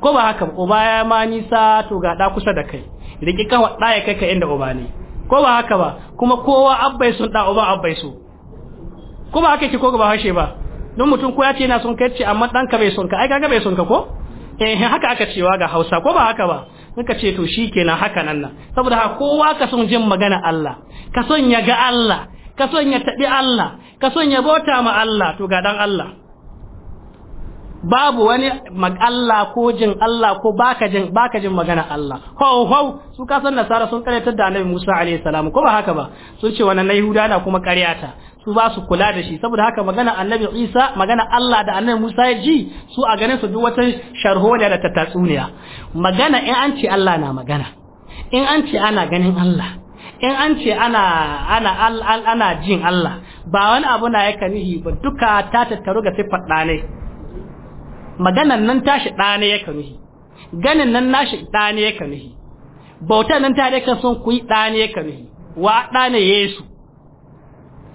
ko ba haka uba ya ma nisa to ga da kusa da kai riki kawa wada ya kai ka inda uba ne ko ba haka ba kuma kowa abbai sun da uba abbai su ko ba haka ki ko ba hashe ba don mutum ko ya ce na sun kai ce amma dan ka bai sun ka ai kaga bai sun ka ko eh haka aka cewa ga Hausa ko ba haka ba muka ce to shi kenan haka nan nan saboda haka kowa ka son jin magana Allah ka son ya ga Allah ka son ya tabi Allah ka son ya bauta ma Allah to ga dan Allah babu wani Allah ko jin Allah ko baka jin baka jin magana Allah ho ho su ka san nasara sun karyatar da Annabi Musa alaihi salam ko ba haka ba sun ce wannan na Yahuda na kuma karyata su ba su kula da shi saboda haka magana annabi isa magana allah da annabi musa ya ji su a ganin su duk wata sharholiya da tattatsuniya magana in an ce allah na magana in an ce ana ganin allah in an ce ana ana ana jin allah ba wani abu na yaka nihi ba duka ta tattaru ga siffar ɗane maganan nan tashi ɗane yaka nihi ganin nan nashi ɗane ya nihi bautan nan ta dai kan sun kuyi ɗane yaka nihi wa ɗane yesu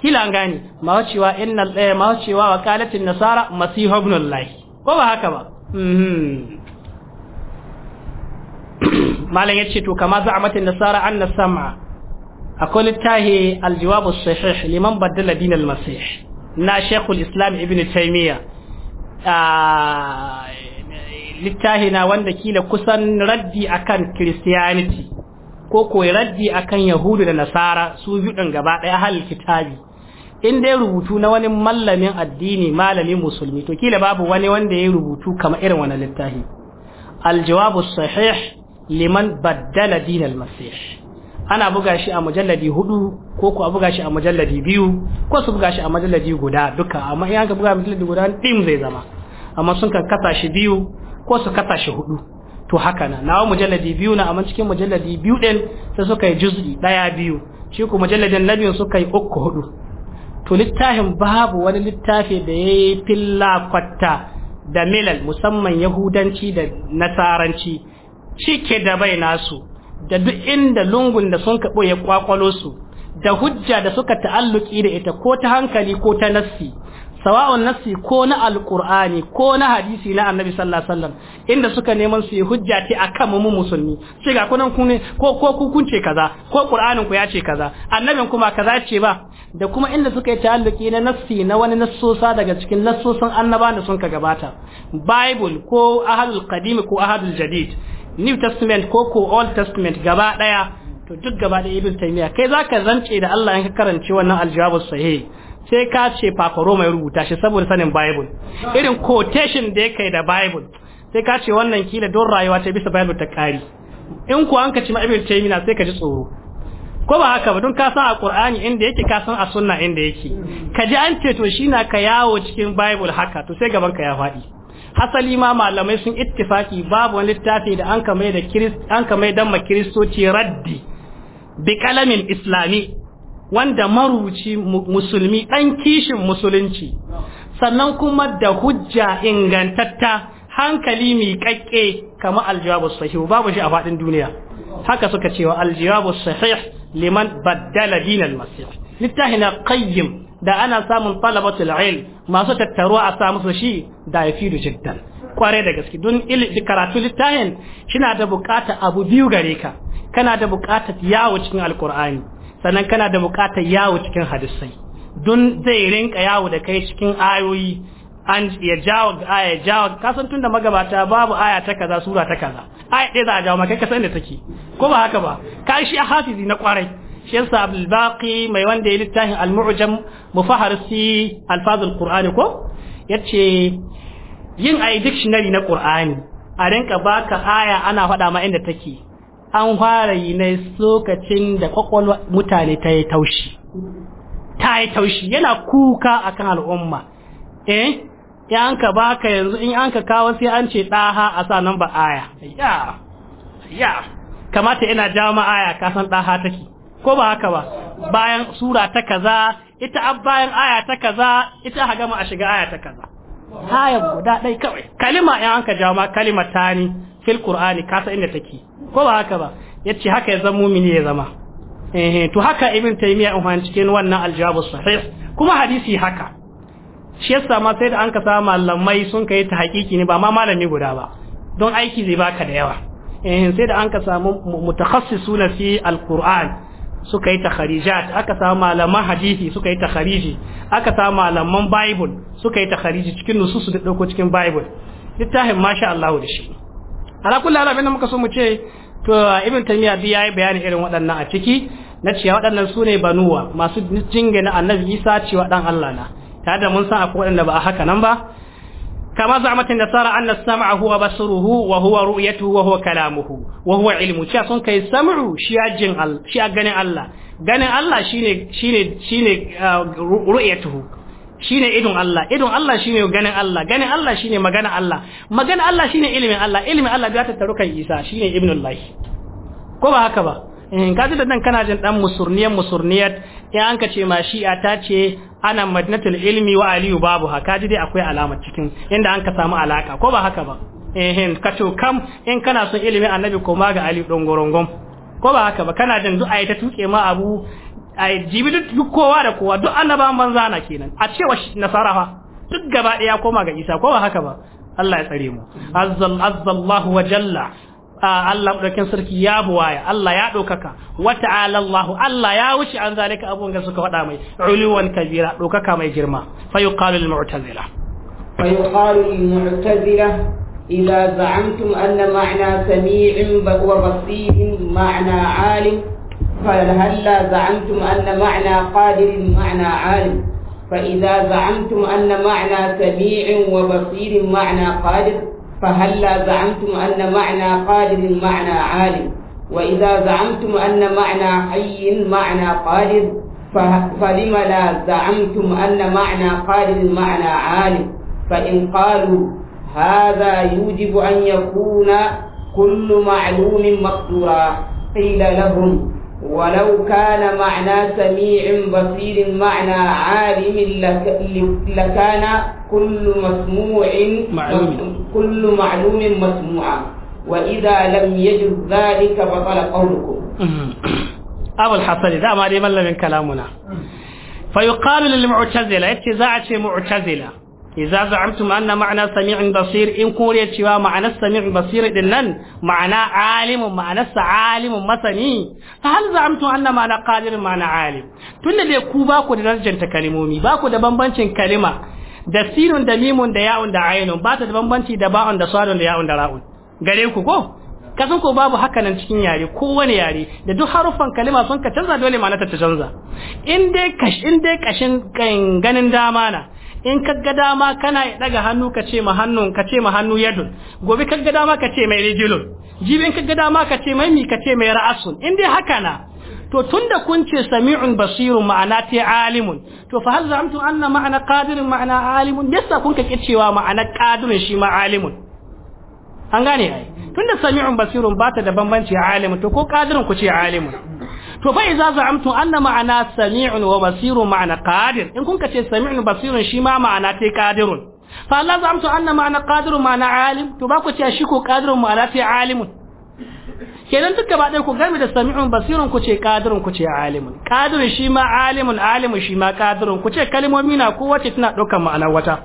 kila an gane ma cewa inna eh ma cewa wa qalatin nasara masih ibn allah ko ba haka ba mm-hmm. malam yace to kama za'amatin nasara anna sam'a akwai littahi aljawab as-sahih liman badala din al-masih na shaykhul islam ibn taymiya ah, littahi na wanda kila kusan raddi akan christianity ko koyi raddi akan yahudu da nasara su biyu gaba ɗaya hal kitabi in dai rubutu na wani mallamin addini malamin musulmi to kila babu wani wanda ya rubutu kama irin wani littafi aljawabu sahih liman baddala dinal masih ana buga shi a mujalladi hudu ko ku a buga shi a mujalladi biyu ko su buga shi a mujalladi guda duka amma in aka buga mujalladi guda din zai zama amma sun kan kasa shi biyu ko su kasa shi hudu to haka na nawa mujalladi biyu na amma cikin mujalladi biyu din sai suka yi juz'i daya biyu shi ku mujalladin na biyun suka yi uku hudu to littafin babu wani littafi da ya yi filla kwatta da milal musamman yahudanci da nasaranci cike da bai nasu da duk inda lungun da sun kaɓo ya kwakwalo su da hujja da suka ta'alluki da ita ko ta hankali ko ta nassi sawa'un nassi ko na alqur'ani ko na hadisi na annabi sallallahu alaihi wasallam inda suka neman su yi hujja ce akan mu musulmi sai ga kunan kun ko ko kun ce kaza ko qur'anin ku ya ce kaza annabin kuma kaza ce ba da kuma inda suka yi ta'alluki na nafsi na wani nassosa daga cikin nassosan annaba da sun ka gabata bible ko ahlul qadim ko ahlul jadid new testament ko ko old testament gaba daya to duk gaba daya ibn taymiya kai zaka zance da Allah in ka karanci wannan aljawabus sahih sai ka ce fakoro mai rubuta shi saboda sanin bible irin quotation da ya kai da bible sai ka ce wannan kila don rayuwa ta bisa bible ta kari in ku an ka ci yi mina sai ka ji tsoro ko ba haka ba don ka san a Qur'ani inda yake ka san a sunna inda yake ka ji an ce to shi na ka yawo cikin bible haka to sai gaban ka ya faɗi hasali ma malamai sun ittifaki babu wani littafi da an ka mai da an raddi bi kalamin islami wanda marubuci musulmi ɗan kishin musulunci sannan kuma da hujja ingantatta hankali miƙaƙƙe kama aljawabu sahihu babu shi a faɗin duniya haka suka cewa aljawabu sahih liman baddala dinal masih littafi na qayyim da ana samun talabatul ilm masu tattaruwa a samu su shi da ya fidu jiddan kware da gaske don karatu littafin shina da bukata abu biyu gare ka kana da bukatar yawo cikin alkur'ani sannan kana da bukatar yawo cikin hadisai don zai rinka yawo da kai cikin ayoyi an ya jawo aya jawo kasan tun da magabata babu aya ta kaza sura ta kaza aya ɗaya za a jawo maka kasan da take ko ba haka ba ka shi a hafizi na kwarai shi yasa baqi mai wanda ya littafin al-mu'jam si alfazul qur'ani ko yace yin a dictionary na qur'ani a rinka baka aya ana faɗa ma inda take an fara yi na lokacin da kwakwalwa mutane ta yi taushi ta yi taushi yana kuka a kan al'umma eh yan ka ba ka yanzu in an ka kawo sai an ce ɗaha a sa nan ba aya ya ya kamata ina jawo ma aya kasan san ɗaha take ko ba haka ba bayan sura ta kaza ita ab bayan aya ta kaza ita ha gama a shiga aya ta kaza haya guda ɗai kawai kalima yan an ka jawo ma kalima tani fil qur'ani kasa inda inda take ko ba haka ba yace haka ya zama mumini ya zama eh to haka ibn taymiya an cikin wannan aljabu sahih kuma hadisi haka shi yasa ma sai da an ka samu malamai sun kai ta hakiki ne ba ma malami guda ba don aiki zai baka da yawa eh sai da an ka samu mutakhasisuna fi alquran suka yi takharijat aka samu malaman hadisi suka yi takhariji aka samu malaman bible suka yi takhariji cikin nususu da dauko cikin bible littafin masha Allah da shi ala kullu ala abinda muka so mu ce to ibn taymiya bi yayi bayani irin waɗannan a ciki na cewa waɗannan su ne banuwa masu jingina annabi isa cewa dan Allah na tare da mun san akwai waɗanda ba a haka nan ba kama za'amatin nasara anna sam'a huwa basruhu wa huwa ru'yatuhu wa huwa kalamuhu wa huwa ilmu cewa sun kai sam'u shi jin Allah shi ganin Allah ganin Allah shine shine shine uh, ru'yatuhu shine idon Allah idon Allah shine ganin Allah ganin Allah shine magana Allah magana Allah shine ilimin Allah ilimin Allah biya tattaru kan Isa shine ibnullahi ko ba haka ba in eh, ka ji da nan kana jin dan musurniyar musurniyar in an ka ce ma shi'a ta ce ana madinatul ilmi wa aliyu babu ha ka ji dai akwai alama cikin inda an ka samu alaka ko ba haka ba eh ka to kam in kana son ilimin annabi ko ma ga aliyu dongorongon ko ba haka ba kana jin du'a ta tuke ma abu ai jibi duk kowa da kowa duk annabawan banza na kenan a cewa nasara fa duk gaba daya koma ga isa ko ba haka ba Allah ya tsare mu azzal azzallahu wa jalla Allah ɗaukin sarki ya buwaya Allah ya ɗaukaka wata alallahu Allah ya wuce an zalika abubuwan da suka faɗa mai uluwan kabira ɗaukaka mai girma fa yuqalu lil mu'tazila fa yuqalu lil mu'tazila idza za'amtum anna ma'na sami'in wa basirin ma'na alim قال هلا زعمتم أن معنى قادر معنى عالم فإذا زعمتم أن معنى سميع وبصير معنى قادر فهلا زعمتم أن معنى قادر معنى عالم وإذا زعمتم أن معنى حي معنى قادر فلم لا زعمتم أن معنى قادر معنى عالم فإن قالوا هذا يوجب أن يكون كل معلوم مقدورا قيل لهم ولو كان معنى سميع بصير معنى عالم لكان كل مسموع معلوم كل معلوم مسموعا وإذا لم يجد ذلك بطل قولكم أبو الحصري ذا ما دي من كلامنا فيقال للمعتزلة اتزاعة معتزلة Iza za'amtum anna ma'ana sami'in basir in kore cewa ma'anar sami'in basir din nan ma'ana alimun ma'anar sa alimun masani fa hal za'amtum anna ma'ana qadir ma'ana alim tunda dai ku ba ku da darajar ta ba ku da bambancin kalima da sinun da mimun da ya'un da ainun ba ta da bambanci da ba'un da sadun da ya'un da ra'un gare ku ko kasan ko babu haka nan cikin yare ko wani yare da duk haruffan kalima sun ka canza dole ma'ana ta canza in dai kashin kan ganin dama na in ka dama kana ya daga hannu ka ce ma hannun ka ce ma hannu yadun gobe ka ga dama ka ce mai rijilun jibi in ka ga dama ka ce mai mi ka ce mai ra'asun in dai haka na to tunda kun ce sami'un basirun ma'ana ta alimun to fa hal zamtu anna ma'ana qadirun ma'ana alimun yasa kun ka cewa ma'ana qadirun shi ma alimun an gane ai tunda sami'un basirun ba ta da bambanci alimu to ko qadirun ku ce alimu to fa idza za'amtu anna ma'ana sami'un wa basirun ma'ana qadir in kun ka ce sami'un basirun shi ma ma'ana ta qadirun fa Allah za'amtu anna ma'ana qadirun ma'ana alim to ba ku ce shi ko qadirun ma'ana ta alimu. kenan duka ba ɗaya ku game da sami'un basirun ku ce ƙadirin ku ce alimun ƙadirin shi ma alimun alimun shi ma ƙadirin ku ce kalmomi na ko wace tana ɗaukar ma'ana wata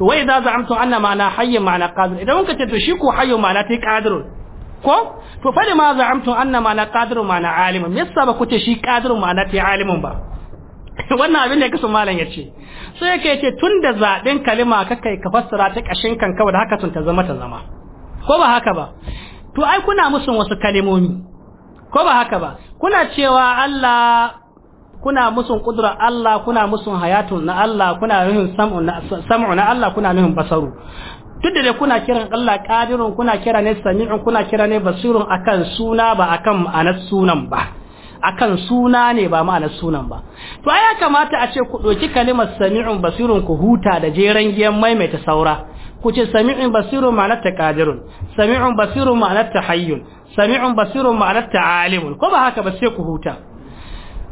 to wai za za amsa anna ma'ana hayyin ma'ana qadir idan wanka ce to shi ko hayyu ma'ana tai qadir ko to fa ma za amsa anna ma'ana qadir ma'ana alim me yasa ba ce shi qadir ma'ana tai alimin ba wannan abin da yake sun malam yace sai yake yace tunda zaben kalima kakai ka fassara ta kashin kan kawai da haka sun ta zama ta zama ko ba haka ba to ai kuna musun wasu kalimomi ko ba haka ba kuna cewa Allah kuna musun kudura Allah kuna musun hayatun na Allah kuna nuhin sam'u na Allah kuna nuhin basaru duk da kuna kiran Allah qadirun kuna kira ne sami'un kuna kira ne basirun akan suna ba akan ma'anar sunan ba akan suna ne ba ma'anar sunan ba to ya kamata a ce ku ɗauki kalimar sami'un basirun ku huta da jeran giyan maimaita saura ku ce sami'un basirun ma'anar ta qadirun sami'un basirun ma'anar ta hayyun sami'un basirun ma'anar ta alimun ko ba haka ba sai ku huta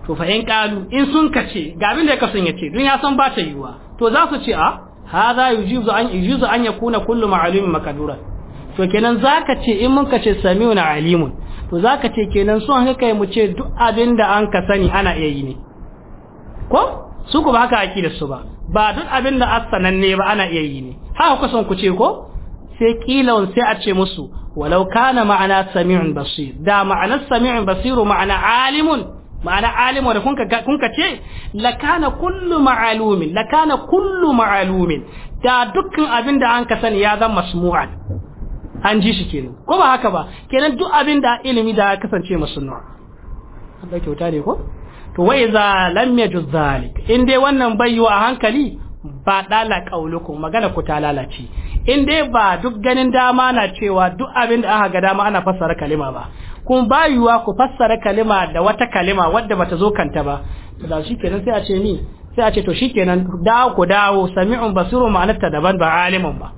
to fa in kalu in sun kace ga abin da ya kasan yace dun ya san ba ta yiwa to za su ce a hadha yujizu an yujizu an yakuna kullu ma'alim makadura to kenan za ka ce in mun kace sami'un alimun to za ka ce kenan sun haka kai mu ce duk abin da an ka sani ana iya yi ne ko su ku ba haka da su ba ba duk abin da asananne ba ana iya yi ne haka san ku ce ko sai kilan sai a ce musu walau kana ma'ana sami'un basir da ma'ana sami'un basiru ma'ana alimun ma'ana alimu da kunka kunka ce lakana kullu ma'alumin lakana kullu ma'alumin da dukkan abin da an ka sani ya zama masmu'an an ji shi kenan ko ba haka ba kenan duk abin da ilimi da kasance masnu'a Allah kyauta ne ko to wa idza lam yajuz zalik in dai wannan bayyu a hankali ba dala qaulukum magana ku ta lalace in dai ba duk ganin dama na cewa duk abin da aka ga dama ana fassara kalima ba kuma ba yiwuwa ku fassara kalima da wata kalima wadda bata zo kanta ba da shi kenan sai a ce ni sai a ce to shikenan dawo ku dawo sami'un basiru ma'anarta daban ba alimun ba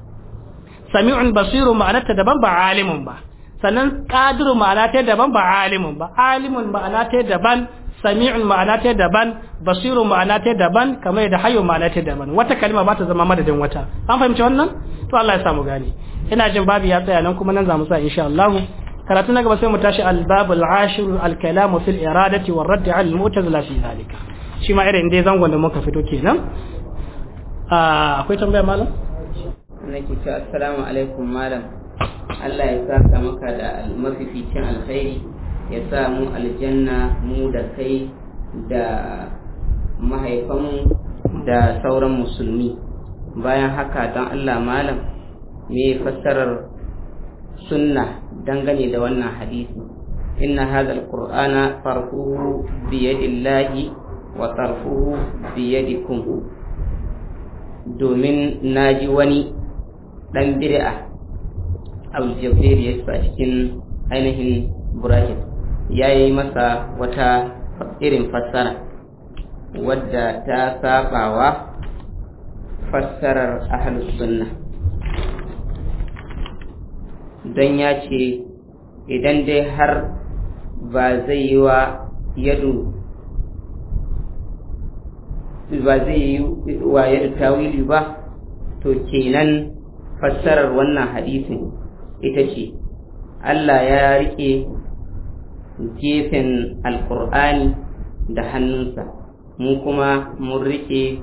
sami'un basiru ma'anarta daban ba alimun ba sannan qadiru ma'ana ta daban ba alimun ba alimun ma'ana ta daban sami'un ma'ana ta daban basiru ma'ana ta daban kamar da hayyu ma'ana ta daban wata kalima ba ta zama madadin wata an fahimci wannan to Allah ya samu gani. ina jin babu ya tsaya nan kuma nan za mu sa insha Allah karatu na gaba sai mu tashi al-babu ashir al-kalamu fil iradati war radd al mu'tazila fi zalika shi ma irin dai zangon da muka fito kenan ah, akwai tambaya malam nake cewa assalamu alaikum malam Allah ya saka maka da mafificin alkhairi ya sa mu aljanna mu da kai da mahaifanmu da sauran musulmi bayan haka don Allah malam me fassarar sunna dangane da wannan hadisi inna hadha alqur'ana farquhu bi yadillahi wa tarfuhu bi yadikum domin naji wani dan bid'a al jabiri ya a cikin ainihin burahim ya yi masa wata irin fassara wadda ta sabawa fassarar ahlus sunna don ya ce idan dai har ba zai yi wa yadu ba zai yi wa yadu tawili ba to kenan fassarar wannan hadisin ita ce Allah ya rike gefen alkur'ani da hannunsa mu kuma mun rike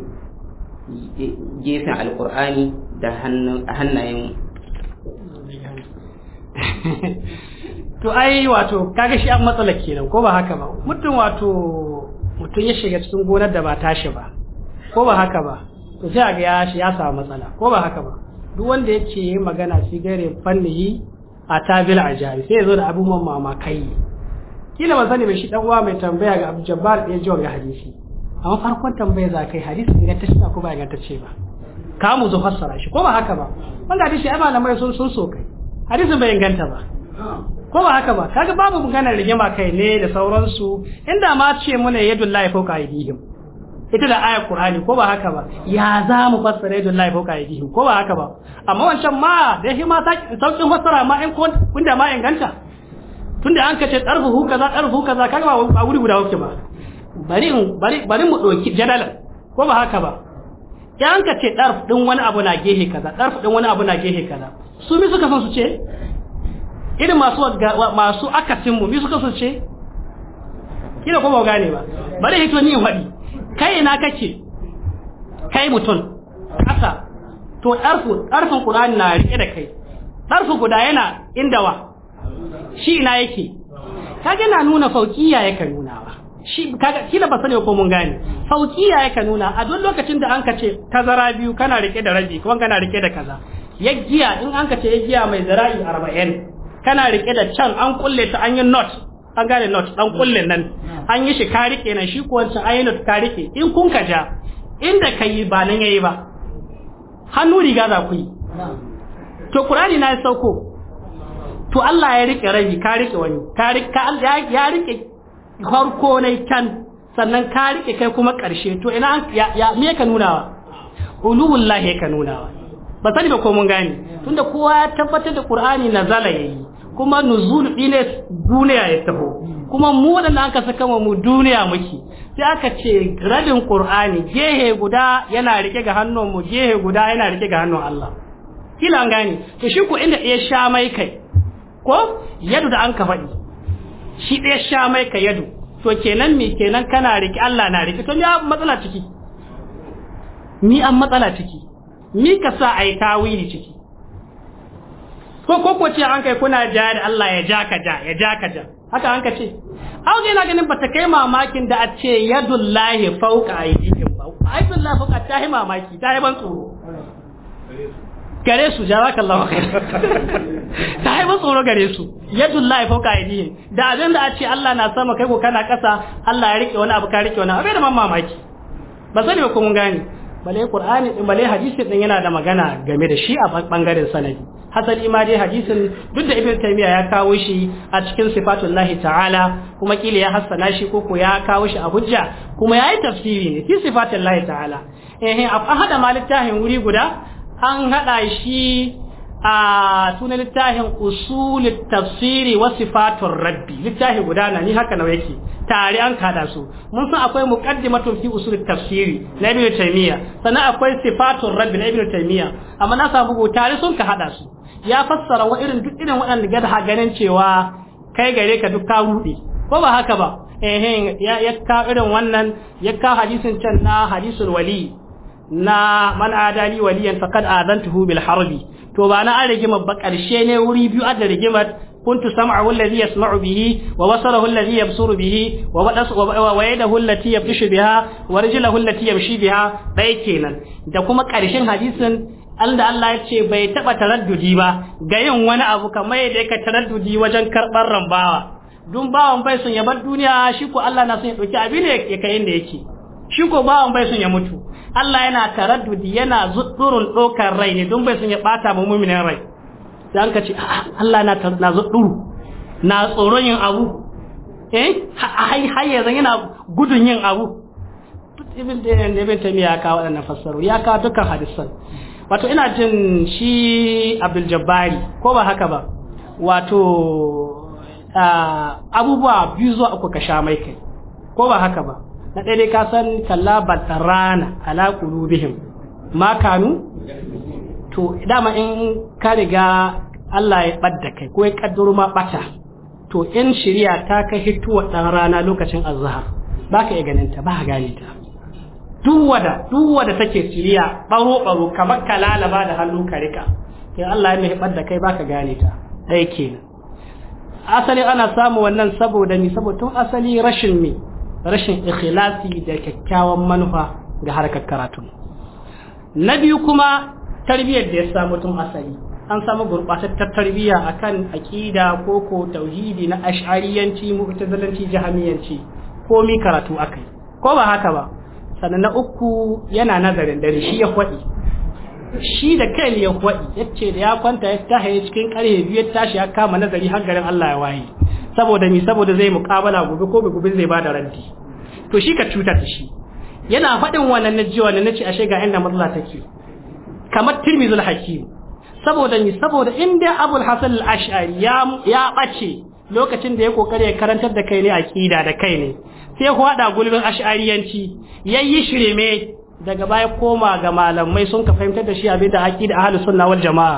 gefen alkur'ani da hannayen to ai wato kaga shi an matsala kenan ko ba haka ba mutum wato mutum ya shiga cikin gonar da ba tashi ba ko ba haka ba to sai ga ya shi ya samu matsala ko ba haka ba duk wanda yake yi magana shi gare fannihi a tabil ajabi sai ya zo da abubuwan mamakai kila ba sani mai shi dan uwa mai tambaya ga Abu Jabbar da jiwa ga hadisi amma farkon tambaya za kai hadisi shi ko ba ce ba ka mu zo fassara shi ko ba haka ba wanda hadisi ai malamai sun sun so kai hadisin bai inganta ba ko ba haka ba kaga babu maganar rigima kai ne da sauransu inda ma ce muna yadullahi fawqa aydihim ita da ayar Qur'ani ko ba haka ba ya za mu fassara yadullahi fawqa aydihim ko ba haka ba amma wancan ma da shi ma saukin fassara ma in kun da ma inganta tunda an kace tarfuhu kaza tarfuhu kaza kaga ba wuri guda wuce ba bari bari bari mu doki jadalan ko ba haka ba Yan ka ce ɗarf ɗin wani abu na gehe kaza ɗarf ɗin wani abu na gehe kaza su mi suka son su ce irin masu masu akasin mu mi suka son su ce kina ko ba gane ba bari hito ni faɗi kai ina kake kai mutum ƙasa to ɗarfu ɗarfin ƙur'ani na riƙe da kai ɗarfu guda yana inda wa shi ina yake kage na nuna fauƙiya yake nuna wa shi kaga kila ba sani ko mun gane fauqiya yake nuna a duk lokacin da an ka ce tazara biyu kana rike da rabi kuma kana rike da kaza yaggiya in an ka ce yaggiya mai zira'i 40 kana rike da can an kulle ta an yi not an gane not dan kulle nan an yi shi ka rike nan shi ko wancan an yi not ka rike in kun ka ja inda kai ba nan yayi ba hannu riga za ku yi to qur'ani na ya sauko to Allah ya rike rabi ka rike wani ka rike ya rike farko ne kan sannan ka rike kai kuma karshe to ina ya, ya me ka nunawa uluwullahi ka nunawa ba sani ba ko mun gani. tunda kowa ya tabbatar da qur'ani nazala yayi kuma nuzul ne duniya ya taho kuma mu nan ka saka mu duniya muke sai aka ce radin qur'ani gehe guda yana rike ga hannun mu gehe guda yana rike ga hannun Allah kila an gane to shi ko inda ya sha mai kai ko yadda da an ka faɗi shi ɗaya sha mai ka yadu to kenan mi kenan kana riki Allah na riki to ni an matsala ciki ni an matsala ciki ni ka sa a yi tawili ciki ko ko ko ce an kai kuna ja da Allah ya ja ka ja ya ja ka ja haka an ka ce au ga ina ganin ba ta kai mamakin da a ce yadullahi fauka aidihim ba aidullahi fauka ta yi mamaki ta yi ban tsoro gare su jazakallahu khair ta haifa tsoro gare su yadullahi fawqa aydihim da abin da a ce Allah na sama kai ko kana kasa Allah ya rike wani abu ka rike wani abu da mamaki ba sani ba ko mun gane bale qur'ani din bale hadisi din yana da magana game da shi a bangaren sanadi hasali ma dai hadisin duk da ibn taymiya ya kawo shi a cikin sifatullahi ta'ala kuma kila ya hassana shi ko ko ya kawo shi a hujja kuma yayi tafsiri ne fi sifatullahi ta'ala eh a hada ma littafin wuri guda an haɗa shi a sunan littafin usulit tafsiri wa sifatur rabbi littafi guda na ni haka nawa yake tare an kada su mun san akwai muqaddimatun fi usulit tafsiri na ibnu taymiya sannan akwai sifatun rabbi na ibnu taymiya amma na samu tare sun ka hada su ya fassara wa irin duk irin waɗanda ga ganin cewa kai gare ka duk ka rude ko ba haka ba eh ya ya ka irin wannan ya ka hadisin can na hadisul wali na man adali waliyan faqad adantuhu bil harbi to ba na an rigimar ba karshe ne wuri biyu adda rigimar كنت سمعه الذي يسمع به Wa الذي يبصر به ويده التي يبطش بها ورجله التي يمشي بها bai kenan da kuma ƙarshen hadisin Allah Allah ya ce bai taɓa taraddudi ba ga yin wani abu kamar yadda yake taraddudi wajen karɓar rambawa dun bawan bai sun ya bar duniya shi ko Allah na son ya ɗauki abin da ya kai inda yake shi ko bawan bai sun ya mutu Allah yana taraddudi yana zuɗurun ɗaukar rai ne don bai sun ya bata mu muminin rai sai an ka Allah na na na tsoron yin abu eh hai yanzu yana gudun yin abu ibn ibn tamiya ya kawo wannan fassaru ya kawo dukkan hadisan wato ina jin shi Abdul Jabbari ko ba haka ba wato ah, abubuwa biyu zuwa uku ka sha mai kai ko ba haka ba na ɗaya dai ka san kalla batarana ala qulubihim ma kanu to dama in ka riga Allah ya ɓadda kai ko ya kaddaro ma bata to in shirya ta kai hituwa dan rana lokacin azhar baka iya ganin ta ba gane ta duwada duwada take shirya baro baro kamar lalaba da hannu ka rika in Allah ya mai ɓadda kai baka gane ta dai kenan asali ana samu wannan saboda ni saboda tun asali rashin mi rashin ikhlasi da kyakkyawan manufa ga harkar karatu na biyu kuma tarbiyyar da ya samu tun asali an samu ta tarbiyya akan aƙida ko ko tauhidi na ash'ariyanci mu'tazilanci jahmiyanci komi karatu akai ko ba haka ba sannan na uku yana nazarin dare shi ya kwadi shi da kai ne ya kwadi yace da ya kwanta ya tahaye cikin ƙarfe biyu ya tashi ya kama nazari har garin Allah ya waye saboda mi saboda zai muƙabala gobe ko gobe zai bada ranti to shi ka cutar da shi yana faɗin wannan na ji wannan nace ashe ga inda matsala take kamar tirmizul hakim saboda ni saboda inda abul hasan al-ash'ari ya ya bace lokacin da ya kokari ya karantar da kai ne aqida da kai ne sai ku hada gulbin ash'ariyanci yayi shirme daga baya koma ga malamai sun ka fahimtar da shi abinda da aqida ahlus sunna wal jamaa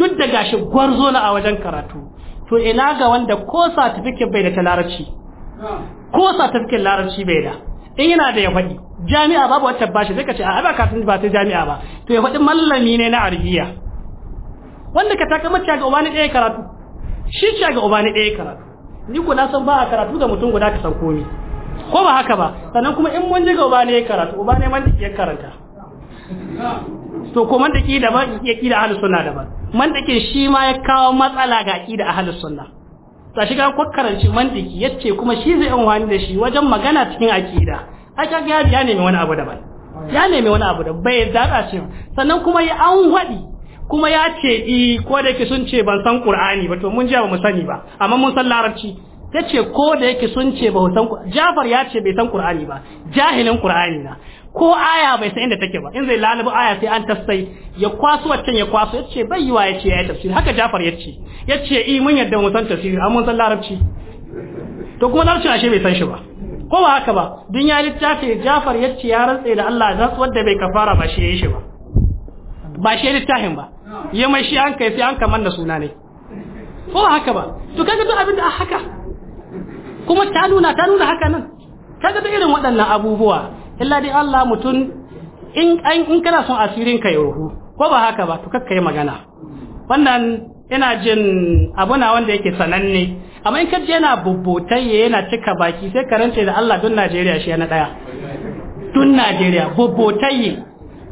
duk da gashi gwarzo na a wajen karatu to ina ga wanda ko certificate bai da ta larabci ko certificate larabci bai da in yana da ya faɗi jami'a babu wata bashi sai zai ka ce a ba kafin ba ta jami'a ba to ya faɗi mallami ne na arabiya wanda ka mace ga ubani ɗaya karatu shi ga ubani ɗaya karatu ni ko na san ba a karatu da mutum guda ka san komai ko ba haka ba sannan kuma in mun ji ga ubani ya karatu ubani man da ya karanta to ko man da ki da ba ya ki da ahlus sunna da ba mantikin shi ma ya kawo matsala ga aƙida a halin sunna ta shiga kwakkaranci karanci mantiki yace kuma shi zai wani da shi wajen magana cikin aƙida. a ga ya nemi wani abu daban ya nemi wani abu da bai zaba shi sannan kuma ya an waɗi kuma ya ce i eh, ko da yake sun ce ban san qur'ani ba to mun ji ba mu sani ba amma mun san larabci yace ko da yake sun ce ba san Jafar ya ce bai san qur'ani ba jahilin qur'ani na ko aya bai san inda take ba in zai lalubu aya sai an tasai ya kwaso wacce ya kwaso ya ce bai yiwa ya ce ya yi tafsiri haka jafar ya ce ya ce i eh, mun yadda mun san tafsiri an mun san larabci to kuma larabci ashe bai san shi ba ko ba haka ba dun ya littafi jafar ya ce ya rantsa da Allah su wadda bai kafara ba shi ya yi shi ba ba shi ya littafin ba ya mai shi an kai sai an kaman da suna ne ko ba haka ba to kaga duk abin da haka kuma ta nuna ta nuna haka nan kaga da irin waɗannan abubuwa illa dai Allah mutum in in kana son asirin ka ruhu ko ba haka ba to kakkai magana wannan ina jin abuna wanda yake sananne amma in ka je yana bubbutai yana cika baki sai ka rance da Allah don Najeriya shi na daya tun Najeriya bubbutai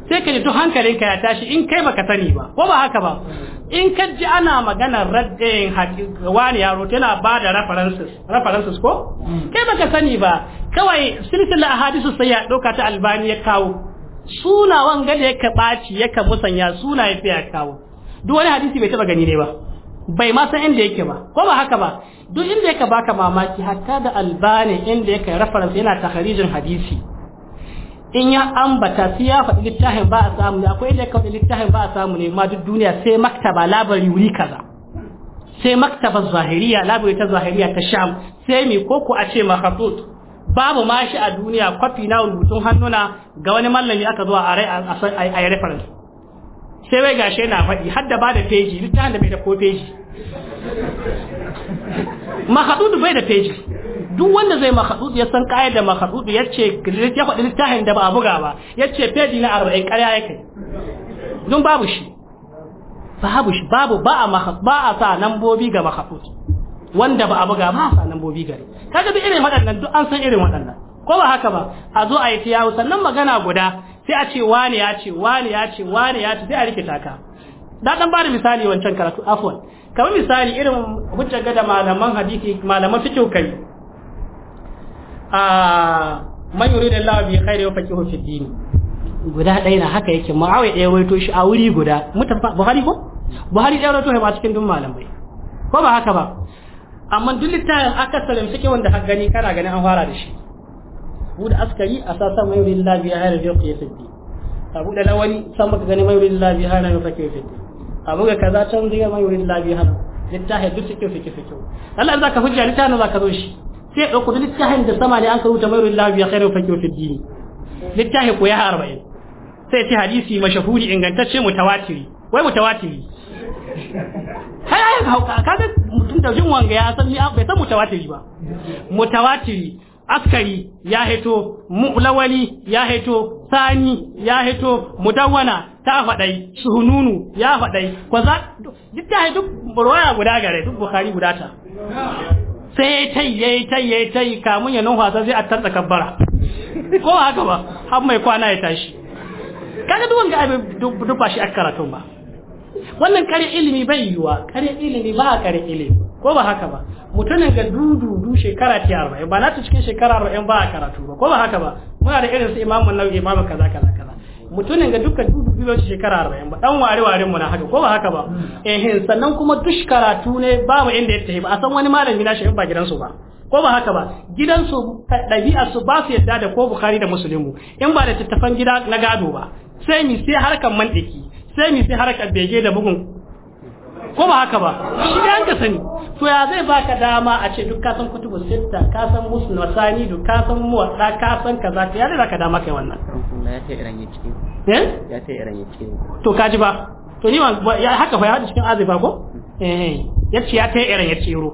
sai ka ji hankalinka ya tashi in kai baka sani ba ko ba haka ba in ka ji ana magana raddin wani yaro tana ba da references references ko hmm. kai baka sani ba kawai silsila ahadisu sai ya ɗauka ta albani ya kawo sunawan gada ya ka baci ya ka musanya suna ya fi ya kawo duk wani hadisi bai taba gani ne ba bai ma san inda yake ba ko ba haka ba duk inda yake baka mamaki hatta da albani inda yake reference yana tahrijin hadisi in ya ambata sai ya faɗi littafin ba a samu ne akwai inda ka faɗi littafin ba a samu ne ma duk duniya sai maktaba labari wuri kaza sai maktaba zahiriya labari ta zahiriya ta sham sai mi koko a ce makhatut babu ma shi a duniya kwafi na rubutun hannuna ga wani mallami aka zuwa a rai a yi reference sai wai gashe na faɗi har da ba da feji littafin da bai da ko feji makhatut bai da feji duk wanda zai mahadudu ya san kayar da mahadudu ya ce ya faɗi littafin da ba a buga ba ya ce feji na arba'in ƙarya ya kai don babu shi babu shi babu ba a ba a sa nambobi ga mahadudu wanda ba a buga ba a sa nambobi gare Ta duk irin waɗannan duk an san irin waɗannan ko ba haka ba a zo a yi ta yawo sannan magana guda sai a ce wani ya ce wani ya ce wani ya ce sai a rikita ka da dan bada misali wancan karatu afwan kamar misali irin hujjar ga da malaman hadisi malaman fiqh kai a man yuri da lawa bi khairi wa faqihu fi din guda ɗaya na haka yake muawiya ɗaya waito shi a wuri guda mutafa buhari ko buhari ɗaya waito ba cikin dun malamai ko ba haka ba amma duk littafin salim suke wanda har gani kana gani an fara da shi buɗe askari a sasa mai yuri da lawa bi khairi wa faqihu fi din a buɗe lawani san baka gani mai yuri da lawa bi khairi wa faqihu fi din a buga kaza can zai mai yuri da lawa bi khairi littafin duk suke suke suke Allah zaka hujja littafin zaka zo shi sai da kudi littafin da sama ne an karuta mai rullahu biya khairu fakir fi dini littafin ko ya arba'in sai ce hadisi mashahuri ingantacce mutawatiri wai mutawatiri kai ai kaga mutum da jin wanga ya san ni bai san mutawatiri ba mutawatiri askari ya hito mu'lawali ya hito sani ya hito mudawwana ta faɗai suhununu ya faɗai ko za duk ta duk guda gare duk bukhari guda ta sai tai yayi tai yayi tai kamun ya numfasa sai a tarta kabbara ko haka ba har mai kwana ya tashi kaga duk wanda abin duk shi aka karatun ba wannan kare ilimi bai yiwa kare ilimi ba kare ilimi ko ba haka ba mutumin ga du shekara ta arba'in ba na ta cikin shekara arba'in ba a karatu ba ko ba haka ba muna da irin su imamun nau'i imamun kaza kaza kaza mutumin ga dukkan dudu biyo shi shekara arba'in ba dan ware ware mu na haka ko ba haka ba eh sannan kuma dush karatu ne mu inda ya tafi ba a san wani malami na shi in ba gidansu ba ko ba haka ba gidansu ɗabi'a su ba su yadda da ko bukhari da muslimu in ba da tattafan gida na gado ba sai mi sai harkan mantiki sai mi sai harkan bege da bugun ko ba haka ba shi da an ka sani to ya zai baka dama a ce duk kasan kutubu sitta kasan san sani duk ka san kasan ka kaza ya zai baka dama kai wannan ya ta iran ya cike eh? ya ta iran ya cike to kaji ba to ni ya haka fa ya cikin azifa ko mm. eh, eh ya ce ya ta iran ya ciro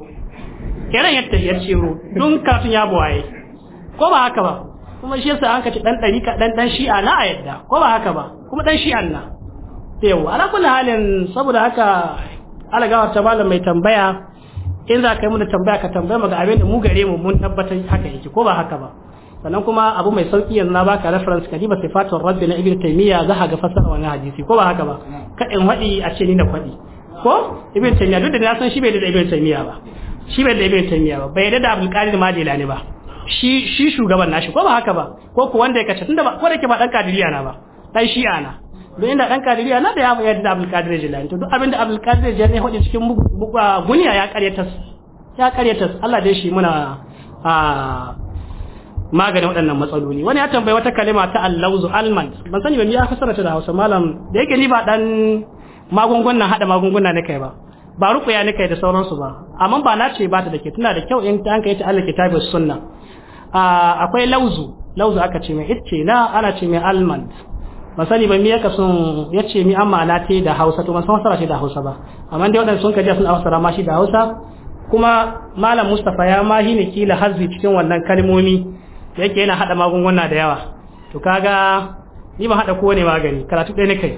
iran ya ta ya ciro dun ya buwaye ko ba haka ba kuma shi yasa an ka ci dan ka dan dan shi'a na a yadda ko ba haka ba kuma dan shi'a na yau ala kulli halin saboda haka ala gawar ta malam mai tambaya in za ka yi mana tambaya ka tambaya mu ga abin da mu gare mu mun tabbatar haka yake ko ba haka ba sannan kuma abu mai sauki yanzu na baka reference ka jiba sifatun rabbi na ibnu taymiya za ka ga fasara wannan hadisi ko ba haka ba ka in wadi a ce ni na kwadi ko ibnu taymiya duk da na san shi bai da ibnu taymiya ba shi bai da ibnu taymiya ba bai da abul qadir majilani ba shi shi shugaban nashi ko ba haka ba ko ku wanda ya kace tunda ba ko da ke ba dan kadiriya na ba dan shi'a na don inda ɗan kadiriya na da ya mu da abul kadir jilani to duk abin da abul kadir jilani ya cikin ah, guniya ya karyata ya karyata Allah dai shi muna ah, maganin waɗannan matsaloli wani ya tambayi wata kalima ta allauzu alman ban sani ba ni ya fasara ta da Hausa malam da yake ni ba dan magungunan hada magunguna kai ba ba rukuya kai da sauransu ba amma ba na ce ba ta da ke tana da kyau in an kai ta Allah kitabus sunna ah, akwai lauzu lauzu aka ce mai icce na ana ce mai almand masani ba mi yaka sun yace mi amma na te da Hausa to ban san fasara shi da Hausa ba amma dai wadannan sun kaje sun fasara ma shi da Hausa kuma malam Mustafa ya ma shine kila hazzi cikin wannan kalmomi yake yana hada magunguna da yawa to kaga ni ba hada kowane magani karatu ɗaya ne kai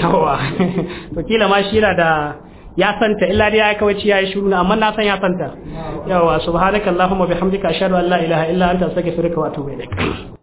yawa to kila ma shi da ya santa illa dai ya kawaci ya yi shiru amma na san ya santa yawa subhanakallahumma bihamdika ashhadu an la ilaha illa anta astaghfiruka wa atubu ilaik